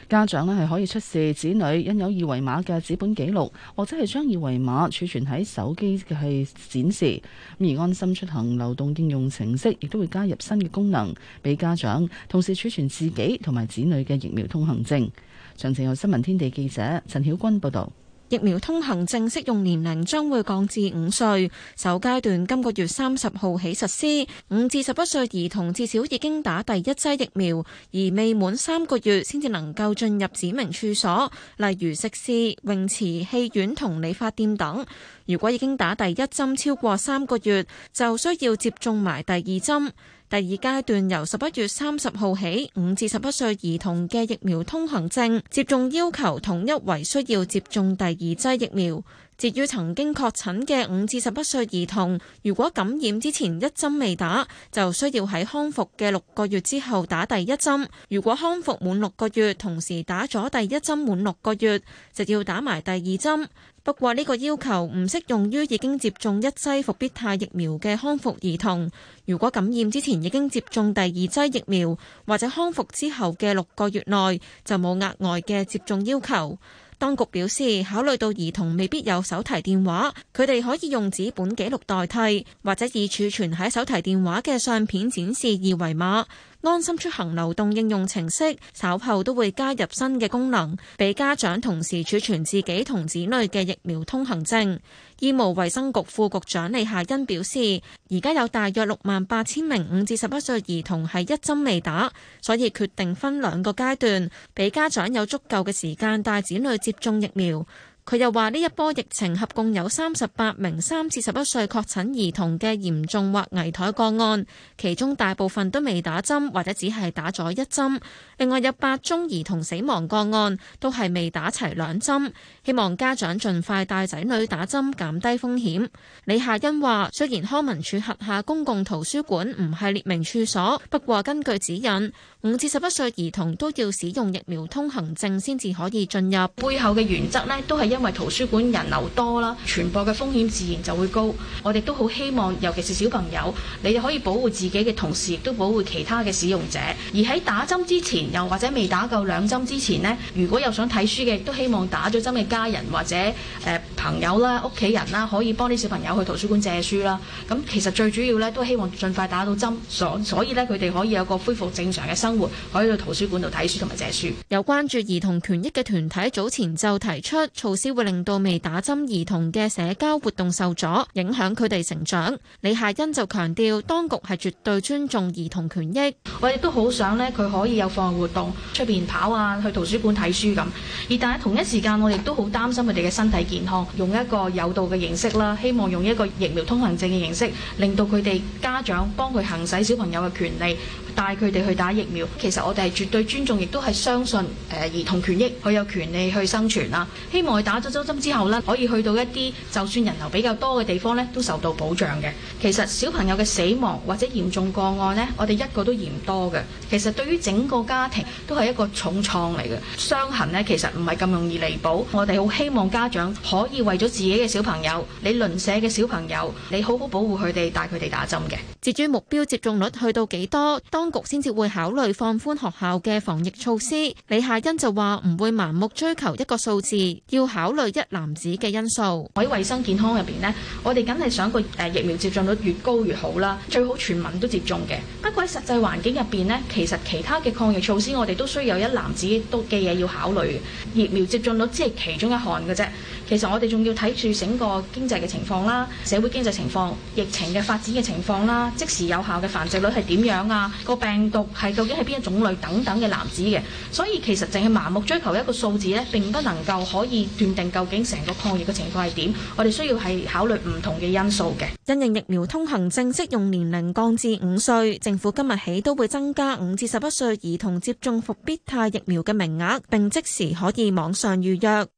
家長咧係可以出示子女印有二維碼嘅紙本記錄，或者係將二維碼儲存喺手機去展示，咁而安心出行流動應用程式亦都會加入新嘅功能俾家長，同時儲存自己同埋子女嘅疫苗通行證。詳情由新聞天地記者陳曉君報道。疫苗通行證適用年齡將會降至五歲，首階段今個月三十號起實施。五至十一歲兒童至少已經打第一劑疫苗，而未滿三個月先至能夠進入指明處所，例如食肆、泳池、戲院同理髮店等。如果已經打第一針超過三個月，就需要接種埋第二針。第二階段由十一月三十號起，五至十一歲兒童嘅疫苗通行證接種要求，統一為需要接種第二劑疫苗。至於曾經確診嘅五至十一歲兒童，如果感染之前一針未打，就需要喺康復嘅六個月之後打第一針；如果康復滿六個月，同時打咗第一針滿六個月，就要打埋第二針。不過呢個要求唔適用於已經接種一劑復必泰疫苗嘅康復兒童。如果感染之前已經接種第二劑疫苗，或者康復之後嘅六個月內，就冇額外嘅接種要求。當局表示，考慮到兒童未必有手提電話，佢哋可以用紙本記錄代替，或者以儲存喺手提電話嘅相片展示二維碼。安心出行流動應用程式，稍後都會加入新嘅功能，畀家長同時儲存自己同子女嘅疫苗通行證。醫務衛生局副局長李夏欣表示，而家有大約六萬八千名五至十一歲兒童係一針未打，所以決定分兩個階段，俾家長有足夠嘅時間帶子女接種疫苗。佢又話：呢一波疫情合共有三十八名三至十一歲確診兒童嘅嚴重或危殆個案，其中大部分都未打針或者只係打咗一針。另外有八宗兒童死亡個案都係未打齊兩針。希望家長盡快帶仔女打針，減低風險。李夏欣話：雖然康文署轄下公共圖書館唔係列明處所，不過根據指引，五至十一歲兒童都要使用疫苗通行證先至可以進入。背後嘅原則呢都係一。因為圖書館人流多啦，傳播嘅風險自然就會高。我哋都好希望，尤其是小朋友，你可以保護自己嘅同時，亦都保護其他嘅使用者。而喺打針之前，又或者未打夠兩針之前呢，如果有想睇書嘅，亦都希望打咗針嘅家人或者誒、呃、朋友啦、屋企人啦，可以幫啲小朋友去圖書館借書啦。咁其實最主要呢，都希望盡快打到針，所以所以呢，佢哋可以有個恢復正常嘅生活，可以去圖書館度睇書同埋借書。有關注兒童權益嘅團體早前就提出措施。只會令到未打針兒童嘅社交活動受阻，影響佢哋成長。李夏欣就強調，當局係絕對尊重兒童權益。我亦都好想呢，佢可以有課外活動，出邊跑啊，去圖書館睇書咁。而但係同一時間，我亦都好擔心佢哋嘅身體健康。用一個有道嘅形式啦，希望用一個疫苗通行證嘅形式，令到佢哋家長幫佢行使小朋友嘅權利，帶佢哋去打疫苗。其實我哋係絕對尊重，亦都係相信誒兒童權益，佢有權利去生存啦。希望佢打。打咗針之後，呢可以去到一啲就算人流比較多嘅地方，呢都受到保障嘅。其實小朋友嘅死亡或者嚴重個案，呢我哋一個都嫌多嘅。其實對於整個家庭都係一個重創嚟嘅傷痕，呢其實唔係咁容易彌補。我哋好希望家長可以為咗自己嘅小朋友，你鄰舍嘅小朋友，你好好保護佢哋，帶佢哋打針嘅。至於目標接種率去到幾多，當局先至會考慮放寬學校嘅防疫措施。李夏欣就話唔會盲目追求一個數字，要字。考慮一男子嘅因素，喺衛生健康入邊呢，我哋梗係想個誒疫苗接種率越高越好啦，最好全民都接種嘅。不過喺實際環境入邊呢，其實其他嘅抗疫措施，我哋都需要有一男子都嘅嘢要考慮。疫苗接種率即係其中一項嘅啫，其實我哋仲要睇住整個經濟嘅情況啦，社會經濟情況、疫情嘅發展嘅情況啦，即時有效嘅繁殖率係點樣啊？個病毒係究竟係邊一種類等等嘅男子嘅，所以其實淨係盲目追求一個數字呢，並不能夠可以斷判定究竟成個抗疫嘅情況係點，我哋需要係考慮唔同嘅因素嘅。因應疫苗通行證適用年齡降至五歲，政府今日起都會增加五至十一歲兒童接種復必泰疫苗嘅名額，並即時可以網上預約。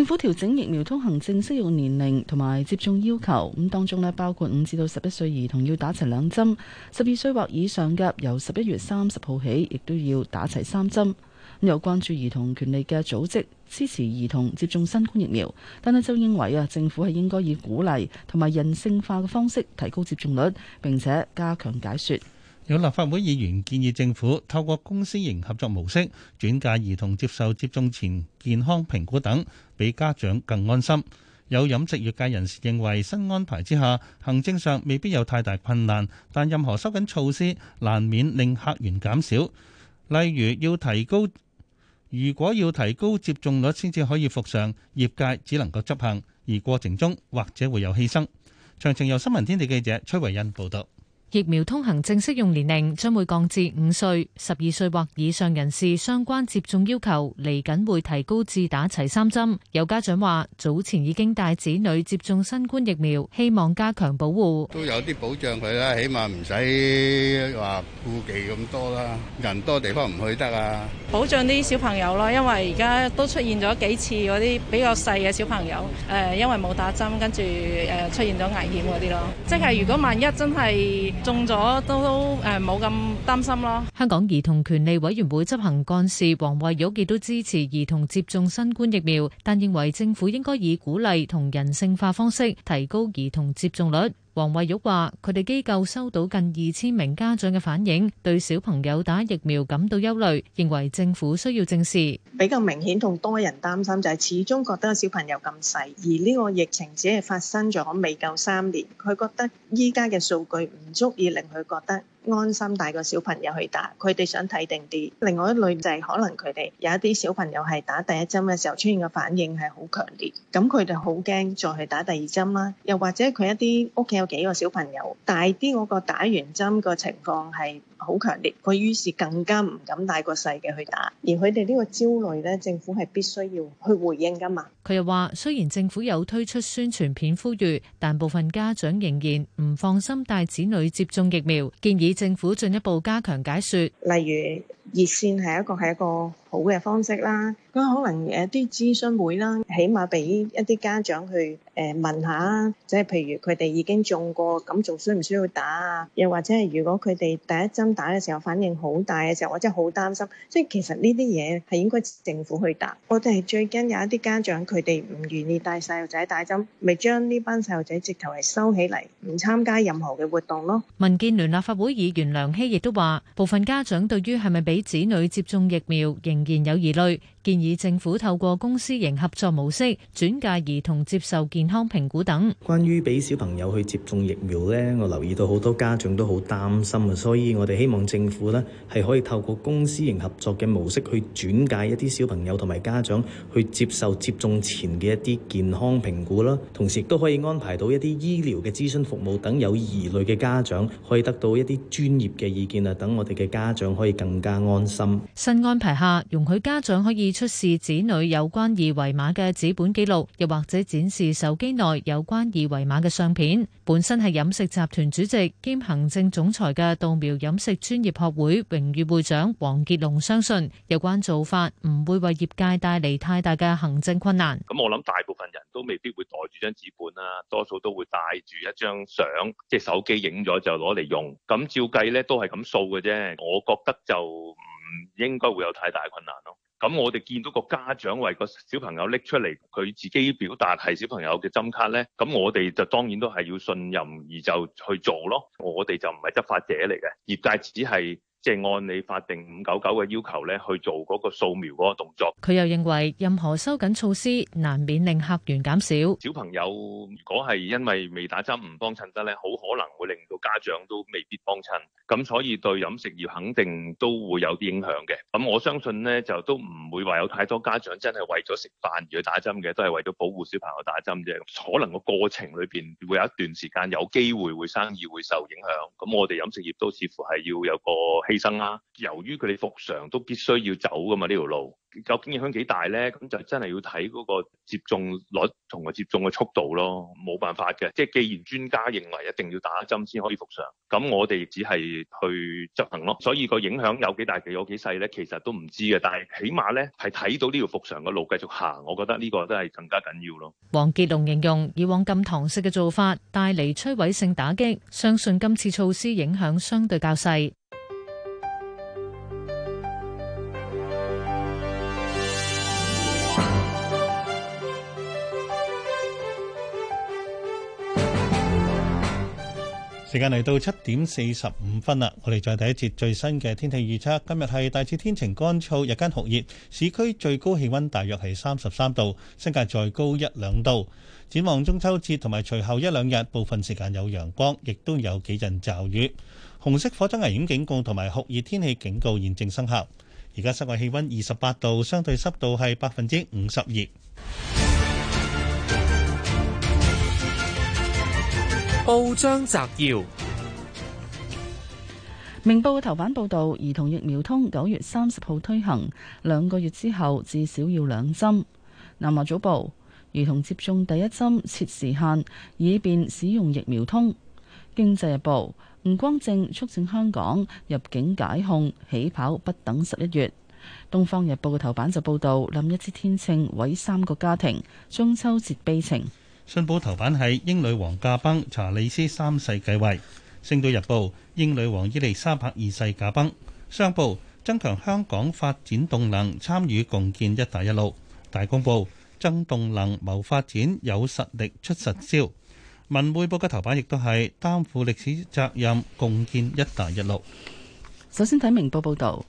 政府調整疫苗通行證適用年齡同埋接種要求，咁當中呢包括五至到十一歲兒童要打齊兩針，十二歲或以上嘅由十一月三十號起，亦都要打齊三針。咁有關注兒童權利嘅組織支持兒童接種新冠疫苗，但係就認為啊，政府係應該以鼓勵同埋人性化嘅方式提高接種率，並且加強解說。有立法會議員建議政府透過公司型合作模式，轉介兒童接受接種前健康評估等，比家長更安心。有飲食業界人士認為，新安排之下，行政上未必有太大困難，但任何收緊措施難免令客源減少。例如，要提高如果要提高接種率，先至可以復常，業界只能夠執行，而過程中或者會有犧牲。詳情由新聞天地記者崔維恩報道。疫苗通行證適用年齡將會降至五歲，十二歲或以上人士相關接種要求嚟緊會提高至打齊三針。有家長話：早前已經帶子女接種新冠疫苗，希望加強保護。都有啲保障佢啦，起碼唔使話顧忌咁多啦。人多地方唔去得啊！保障啲小朋友咯，因為而家都出現咗幾次嗰啲比較細嘅小朋友，誒，因為冇打針，跟住誒出現咗危險嗰啲咯。即係如果萬一真係。中咗都誒，冇咁擔心咯。香港兒童權利委員會執行幹事黃慧玉亦都支持兒童接種新冠疫苗，但認為政府應該以鼓勵同人性化方式提高兒童接種率。黃惠玉話：佢哋機構收到近二千名家長嘅反應，對小朋友打疫苗感到憂慮，認為政府需要正視。比較明顯同多人擔心就係始終覺得小朋友咁細，而呢個疫情只係發生咗未夠三年，佢覺得依家嘅數據唔足以令佢覺得。安心帶個小朋友去打，佢哋想睇定啲。另外一類就係可能佢哋有一啲小朋友係打第一針嘅時候出現嘅反應係好強烈，咁佢哋好驚再去打第二針啦。又或者佢一啲屋企有幾個小朋友，大啲嗰個打完針個情況係好強烈，佢於是更加唔敢帶個細嘅去打，而佢哋呢個焦慮咧，政府係必須要去回應噶嘛。佢又話：雖然政府有推出宣傳片呼籲，但部分家長仍然唔放心帶子女接種疫苗，建議政府進一步加強解説，例如熱線係一個係一個好嘅方式啦，咁可能誒啲諮詢會啦，起碼俾一啲家長去誒問下即係、就是、譬如佢哋已經中過咁仲需唔需要打啊？又或者係如果佢哋第一針打嘅時候反應好大嘅時候，或者好擔心，即係其實呢啲嘢係應該政府去打，我哋最驚有一啲家長佢哋唔願意帶細路仔打針咪將呢班細路仔直頭係收起嚟，唔參加任何嘅活動咯。民建聯立法會議員梁希亦都話部分家長對於係咪俾子女接種疫苗，仍仍然有疑慮。 建議政府透過公私營合作模式，轉介兒童接受健康評估等。關於俾小朋友去接種疫苗呢，我留意到好多家長都好擔心啊，所以我哋希望政府呢，係可以透過公私營合作嘅模式，去轉介一啲小朋友同埋家長去接受接種前嘅一啲健康評估啦。同時亦都可以安排到一啲醫療嘅諮詢服務等有疑慮嘅家長，可以得到一啲專業嘅意見啊，等我哋嘅家長可以更加安心。新安排下，容許家長可以出示子女有關二維碼嘅紙本記錄，又或者展示手機內有關二維碼嘅相片。本身係飲食集團主席兼行政總裁嘅稻苗飲食專業學會榮譽會長黃傑龍相信，有關做法唔會為業界帶嚟太大嘅行政困難。咁我諗大部分人都未必會袋住張紙本啦，多數都會帶住一張相，即係手機影咗就攞嚟用。咁照計咧都係咁掃嘅啫，我覺得就唔應該會有太大困難咯。咁我哋見到個家長為個小朋友拎出嚟，佢自己表達係小朋友嘅針卡呢，咁我哋就當然都係要信任而就去做咯。我哋就唔係執法者嚟嘅，業界只係。即係按你法定五九九嘅要求咧，去做嗰個掃描嗰個動作。佢又認為任何收緊措施難免令客源減少。減少小朋友如果係因為未打針唔幫襯得咧，好可能會令到家長都未必幫襯。咁所以對飲食業肯定都會有啲影響嘅。咁我相信咧，就都唔會話有太多家長真係為咗食飯而去打針嘅，都係為咗保護小朋友打針啫。可能個過程裏邊會有一段時間有機會會生意會受影響。咁我哋飲食業都似乎係要有個。犧牲啦。由於佢哋復常都必須要走噶嘛呢條路，究竟影響幾大咧？咁就真係要睇嗰個接種率同埋接種嘅速度咯。冇辦法嘅，即係既然專家認為一定要打針先可以復常，咁我哋只係去執行咯。所以個影響有幾大，有幾細咧，其實都唔知嘅。但係起碼咧係睇到呢條復常嘅路繼續行，我覺得呢個都係更加緊要咯。黃傑龍形容以往禁堂食嘅做法帶嚟摧毀性打擊，相信今次措施影響相對較細。時間嚟到七點四十五分啦，我哋再睇一節最新嘅天氣預測。今日係大致天晴，乾燥，日間酷熱，市區最高氣温大約係三十三度，新界再高一兩度。展望中秋節同埋隨後一兩日，部分時間有陽光，亦都有幾陣驟雨。紅色火災危險警告同埋酷熱天氣警告現正生效。而家室外氣温二十八度，相對濕度係百分之五十二。報章摘要：明報嘅頭版報道，兒童疫苗通九月三十號推行，兩個月之後至少要兩針。南華早報：兒童接種第一針設時限，以便使用疫苗通。經濟日報：吳光正促請香港入境解控，起跑不等十一月。東方日報嘅頭版就報道，冧一支天秤毀三個家庭，中秋節悲情。信報頭版係英女王駕崩，查理斯三世繼位。星島日報：英女王伊麗莎白二世駕崩。商報：增強香港發展動能，參與共建一帶一路。大公報：增動能謀發展，有實力出實招。文匯報嘅頭版亦都係擔負歷史責任，共建一帶一路。首先睇明報報道。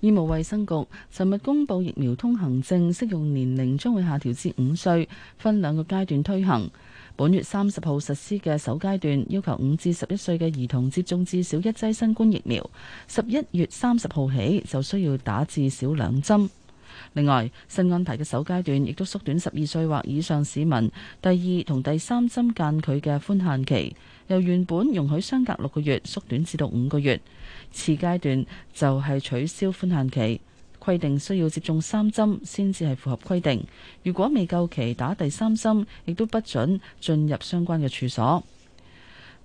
醫務衛生局尋日公布疫苗通行證適用年齡將會下調至五歲，分兩個階段推行。本月三十號實施嘅首階段，要求五至十一歲嘅兒童接種至少一劑新冠疫苗；十一月三十號起就需要打至少兩針。另外，新安排嘅首階段亦都縮短十二歲或以上市民第二同第三針間距嘅寬限期，由原本容許相隔六個月縮短至到五個月。次階段就係取消寬限期，規定需要接種三針先至係符合規定。如果未夠期打第三針，亦都不准進入相關嘅處所。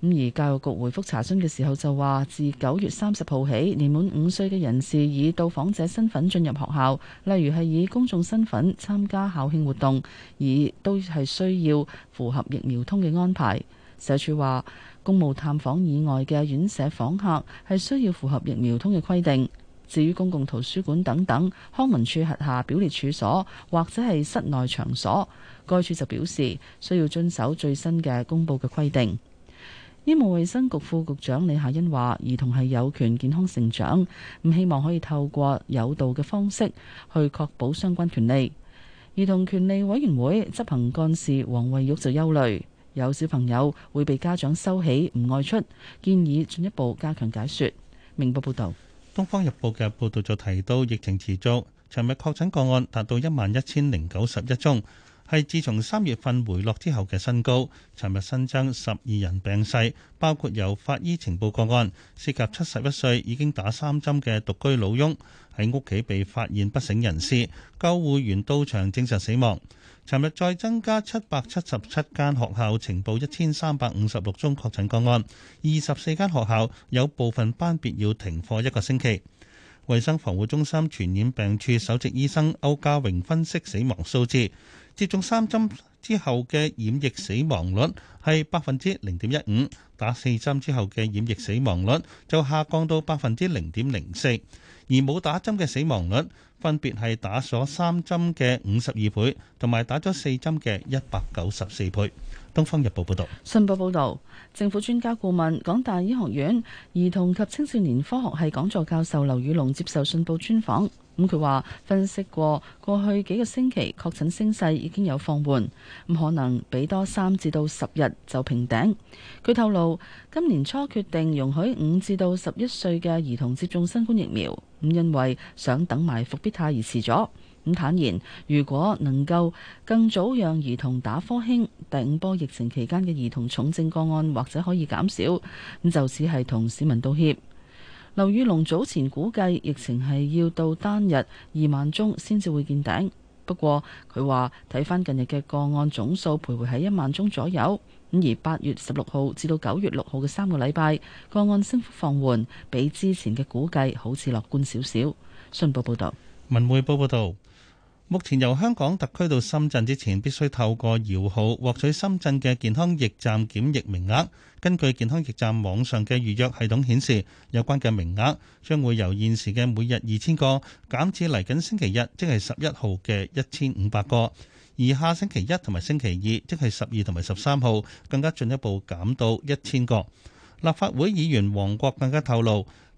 咁而教育局回覆查詢嘅時候就話，自九月三十號起，年滿五歲嘅人士以到訪者身份進入學校，例如係以公眾身份參加校慶活動，而都係需要符合疫苗通嘅安排。社署話，公務探訪以外嘅院舍訪客係需要符合疫苗通嘅規定。至於公共圖書館等等康文署轄下表列處所或者係室內場所，該處就表示需要遵守最新嘅公布嘅規定。醫務衛生局副局長李夏茵話：兒童係有權健康成長，咁希望可以透過有道嘅方式去確保相關權利。兒童權利委員會執行幹事黃惠玉就憂慮。有小朋友會被家長收起，唔外出，建議進一步加強解説。明報報道：《東方日報》嘅報導就提到疫情持續，昨日確診個案達到一萬一千零九十一宗。係自從三月份回落之後嘅新高。尋日新增十二人病逝，包括由法醫呈報個案，涉及七十一歲已經打三針嘅獨居老翁喺屋企被發現不省人事，救護員到場證實死亡。尋日再增加七百七十七間學校呈報一千三百五十六宗確診個案，二十四間學校有部分班別要停課一個星期。衛生防護中心傳染病處首席醫生歐家榮分析死亡數字。接種三針之後嘅染疫死亡率係百分之零點一五，打四針之後嘅染疫死亡率就下降到百分之零點零四，而冇打針嘅死亡率分別係打咗三針嘅五十二倍，同埋打咗四針嘅一百九十四倍。《東方日報》報道，信報報導，政府專家顧問港大醫學院兒童及青少年科學系講座教授劉宇龍接受信報專訪，咁佢話：分析過過去幾個星期確診升勢已經有放緩，咁可能俾多三至到十日就平頂。佢透露，今年初決定容許五至到十一歲嘅兒童接種新冠疫苗，咁因為想等埋復必泰而遲咗。咁坦言，如果能夠更早讓兒童打科興，第五波疫情期間嘅兒童重症個案或者可以減少。咁就只係同市民道歉。劉宇龍早前估計疫情係要到單日二萬宗先至會見頂，不過，佢話睇翻近日嘅個案總數徘徊喺一萬宗左右。咁而八月十六號至到九月六號嘅三個禮拜，個案升幅放緩，比之前嘅估計好似樂觀少少。信報報道，文匯報報道。目前由香港特區到深圳之前，必須透過搖號獲取深圳嘅健康驛站檢疫名額。根據健康驛站網上嘅預約系統顯示，有關嘅名額將會由現時嘅每日二千個減至嚟緊星期日，即係十一號嘅一千五百個；而下星期一同埋星期二，即係十二同埋十三號，更加進一步減到一千個。立法會議員黃國更加透露。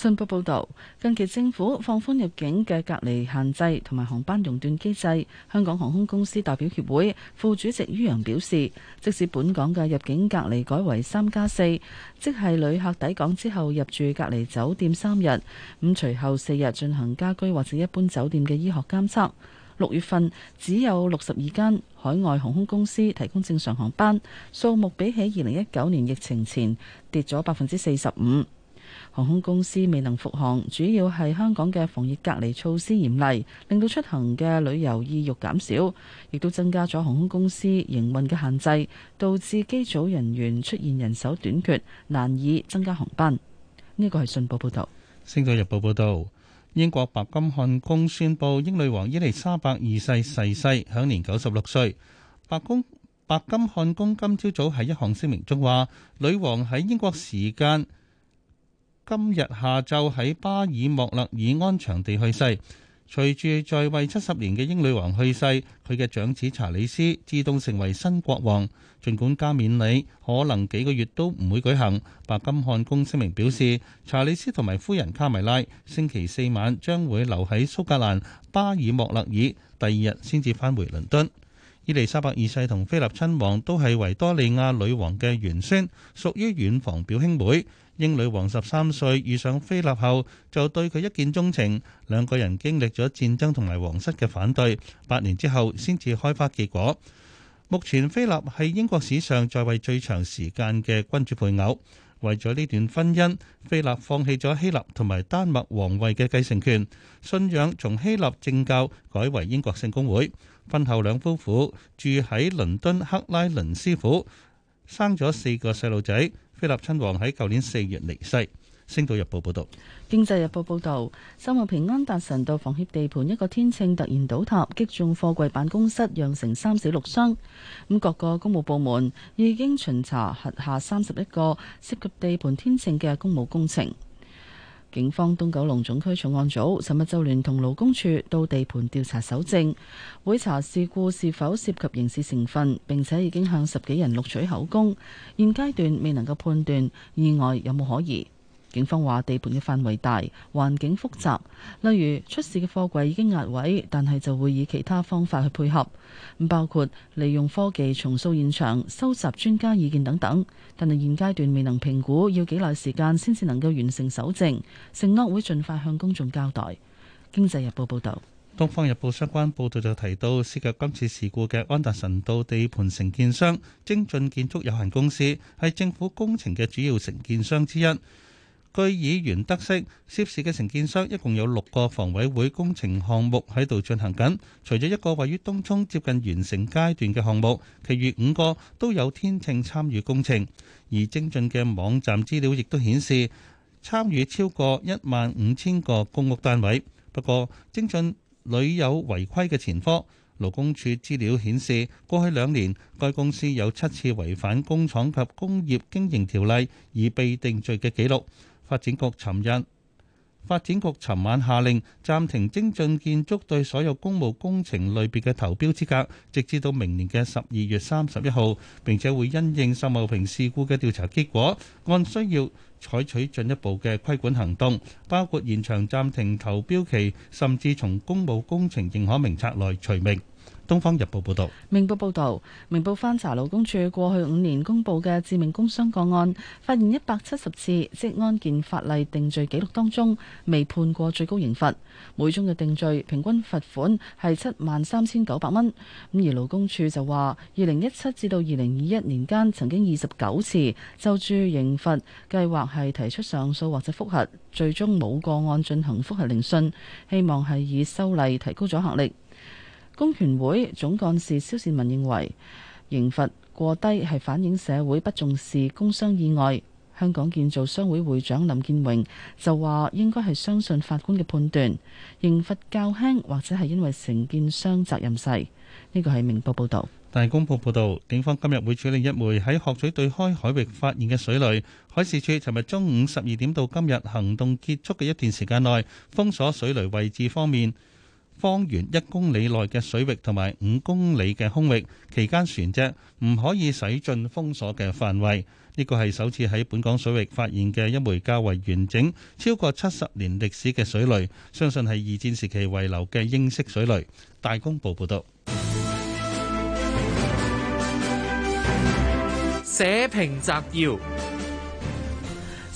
信報報導，近期政府放寬入境嘅隔離限制同埋航班熔斷機制。香港航空公司代表協會副主席于洋表示，即使本港嘅入境隔離改為三加四，即係旅客抵港之後入住隔離酒店三日，咁隨後四日進行家居或者一般酒店嘅醫學監測。六月份只有六十二間海外航空公司提供正常航班，數目比起二零一九年疫情前跌咗百分之四十五。航空公司未能復航，主要係香港嘅防疫隔離措施嚴厲，令到出行嘅旅遊意欲減少，亦都增加咗航空公司營運嘅限制，導致機組人員出現人手短缺，難以增加航班。呢個係信報報道。星島日報報道，英國白金漢宮宣布英女王伊莉莎白二世逝世，世，享年九十六歲。白宮白金漢宮今朝早喺一項聲明中話女王喺英國時間。今日下晝喺巴爾莫勒爾安詳地去世，隨住在位七十年嘅英女王去世，佢嘅長子查理斯自動成為新國王。盡管加冕禮可能幾個月都唔會舉行，白金漢宮聲明表示，查理斯同埋夫人卡米拉星期四晚將會留喺蘇格蘭巴爾莫勒爾，第二日先至返回倫敦。伊利沙伯二世同菲臘親王都係維多利亞女王嘅玄孫，屬於遠房表兄妹。英女王十三歲遇上菲臘後，就對佢一見鐘情。兩個人經歷咗戰爭同埋皇室嘅反對，八年之後先至開花結果。目前菲臘係英國史上在位最長時間嘅君主配偶。為咗呢段婚姻，菲臘放棄咗希臘同埋丹麥皇位嘅繼承權，信仰從希臘正教改為英國聖公會。婚後兩夫婦住喺倫敦克拉倫斯府，生咗四個細路仔。菲立親王喺舊年四月離世。星島日報報道，經濟日報報道，三號平安達臣道房協地盤一個天秤突然倒塌，擊中貨櫃辦公室，釀成三死六傷。咁各個公務部門已經巡查轄下三十一個涉及地盤天秤嘅公務工程。警方東九龍總區重案組尋日就聯同勞工處到地盤調查搜證，會查事故是否涉及刑事成分，並且已經向十幾人錄取口供。現階段未能夠判斷意外有冇可疑。警方話，地盤嘅範圍大，環境複雜，例如出事嘅貨櫃已經壓位，但係就會以其他方法去配合，包括利用科技重塑現場、收集專家意見等等。但係現階段未能評估要幾耐時間先至能夠完成搜證，承諾會盡快向公眾交代。經濟日報報道，東方日報相關報道就提到，涉及今次事故嘅安達臣道地盤承建商精進建築有限公司係政府工程嘅主要承建商之一。據議員得悉，涉事嘅承建商一共有六個房委會工程項目喺度進行緊，除咗一個位於東涌接近完成階段嘅項目，其餘五個都有天秤參與工程。而精進嘅網站資料亦都顯示，參與超過一萬五千個公屋單位。不過，精進屢有違規嘅前科，勞工處資料顯示，過去兩年該公司有七次違反工廠及工業經營條例而被定罪嘅記錄。發展局尋日，發展局尋晚下令暫停精進建築對所有公務工程類別嘅投標資格，直至到明年嘅十二月三十一號。並且會因應沈茂平事故嘅調查結果，按需要採取進一步嘅規管行動，包括延長暫停投標期，甚至從公務工程認可名冊內除名。《東方日報》報道，《明報》報道，《明報》翻查勞工處過去五年公佈嘅致命工傷個案，發現一百七十次職安健法例定罪記錄當中，未判過最高刑罰。每宗嘅定罪平均罰款係七萬三千九百蚊。咁而勞工處就話，二零一七至到二零二一年間，曾經二十九次就住刑罰計劃係提出上訴或者複核，最終冇個案進行複核聆訊，希望係以修例提高咗效力。工權會總幹事蕭善文認為刑罰過低，係反映社會不重視工傷意外。香港建造商會會長林建榮就話：應該係相信法官嘅判斷，刑罰較輕或者係因為承建商責任細。呢個係明報報導。大公報報導，警方今日會處理一枚喺鶴咀對開海域發現嘅水雷。海事處尋日中午十二點到今日行動結束嘅一段時間內，封鎖水雷位置方面，方圓一公里內嘅水域同埋五公里嘅空域，期間船隻唔可以駛進封鎖嘅範圍。呢個係首次喺本港水域發現嘅一枚較為完整、超過七十年歷史嘅水雷，相信係二戰時期遺留嘅英式水雷。大公報報道。社評摘要。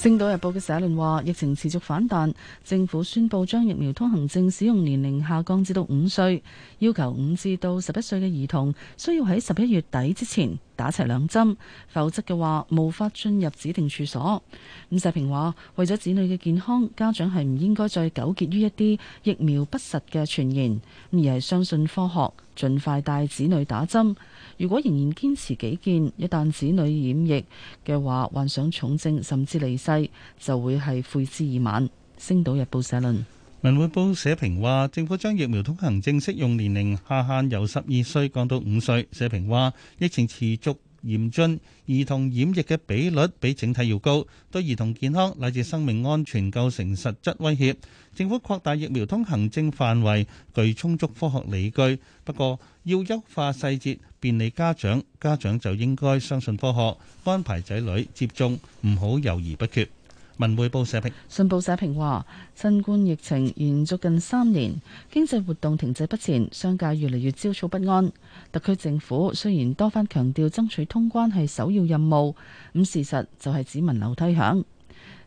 《星島日報》嘅社論話，疫情持續反彈，政府宣布將疫苗通行證使用年齡下降至到五歲，要求五至到十一歲嘅兒童需要喺十一月底之前打齊兩針，否則嘅話無法進入指定處所。伍世平話，為咗子女嘅健康，家長係唔應該再糾結於一啲疫苗不實嘅傳言，而係相信科學，盡快帶子女打針。如果仍然堅持己見，一旦子女染疫嘅話，患上重症甚至離世，就會係悔之已晚。星島日報社論。文匯報社評話，政府將疫苗通行證適用年齡下限由十二歲降到五歲。社評話，疫情持續嚴峻，兒童染疫嘅比率比整體要高，對兒童健康乃至生命安全構成實質威脅。政府擴大疫苗通行證範圍，具充足科學理據，不過要優化細節。便利家長，家長就應該相信科學，安排仔女接種，唔好猶豫不決。文匯報社評，信報社評話：新冠疫情延續近三年，經濟活動停滯不前，商界越嚟越焦躁不安。特區政府雖然多番強調爭取通關係首要任務，咁事實就係只聞樓梯響。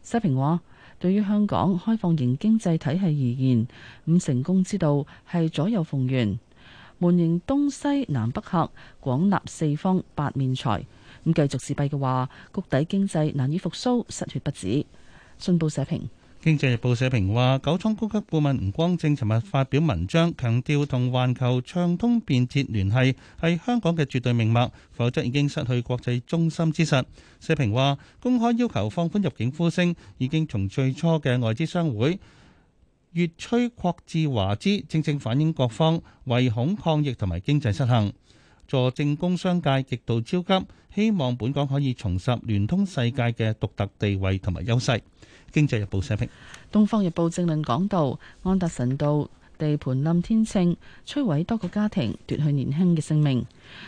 社評話：對於香港開放型經濟體系而言，咁成功之道係左右逢源。門迎東西南北客，廣納四方八面財。咁繼續自閉嘅話，谷底經濟難以復甦，失血不止。信報社評，《經濟日報》社評話，九倉高級顧問吳光正尋日發表文章，強調同環球暢通便捷聯繫係香港嘅絕對命脈，否則已經失去國際中心之實。社評話，公開要求放寬入境呼聲已經從最初嘅外資商會。越吹擴至華資，正正反映各方唯恐抗疫同埋經濟失衡，助政工商界極度焦急，希望本港可以重拾聯通世界嘅獨特地位同埋優勢。經濟日報社評，《東方日報正論》講到：安達臣道地盤冧天秤，摧毀多個家庭，奪去年輕嘅性命。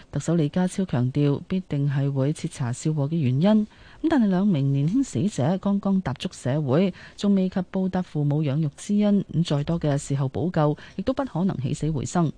特首李家超強調，必定係會徹查肇禍嘅原因。咁但係兩名年輕死者剛剛踏足社會，仲未及報答父母養育之恩，咁再多嘅事後補救，亦都不可能起死回生。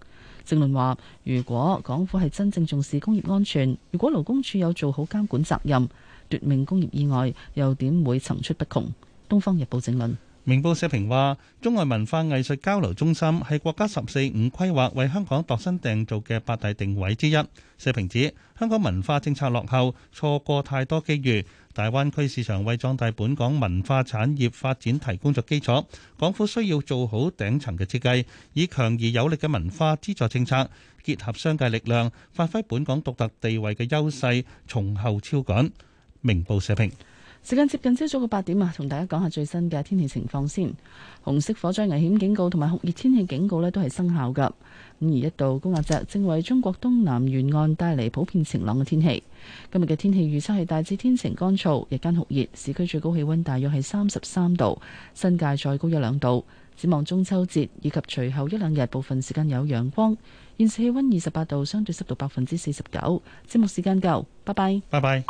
正論話：如果港府係真正重視工業安全，如果勞工處有做好監管責任，奪命工業意外又點會層出不窮？東方日報正論。明報社評話，中外文化藝術交流中心係國家十四五規劃為香港度身訂做嘅八大定位之一。社評指香港文化政策落後，錯過太多機遇。大灣區市場為壯大本港文化產業發展提供咗基礎，港府需要做好頂層嘅設計，以強而有力嘅文化資助政策，結合商界力量，發揮本港獨特地位嘅優勢，從後超趕。明報社評。時間接近朝早嘅八點啊，同大家講下最新嘅天氣情況先。紅色火災危險警告同埋酷熱天氣警告呢都係生效噶。咁而一度高壓脊正為中國東南沿岸帶嚟普遍晴朗嘅天氣。今日嘅天氣預測係大致天晴乾燥，日間酷熱，市區最高氣溫大約係三十三度，新界再高一兩度。展望中秋節以及隨後一兩日，部分時間有陽光。現時氣溫二十八度，相對濕度百分之四十九。節目時間夠，拜拜，拜拜。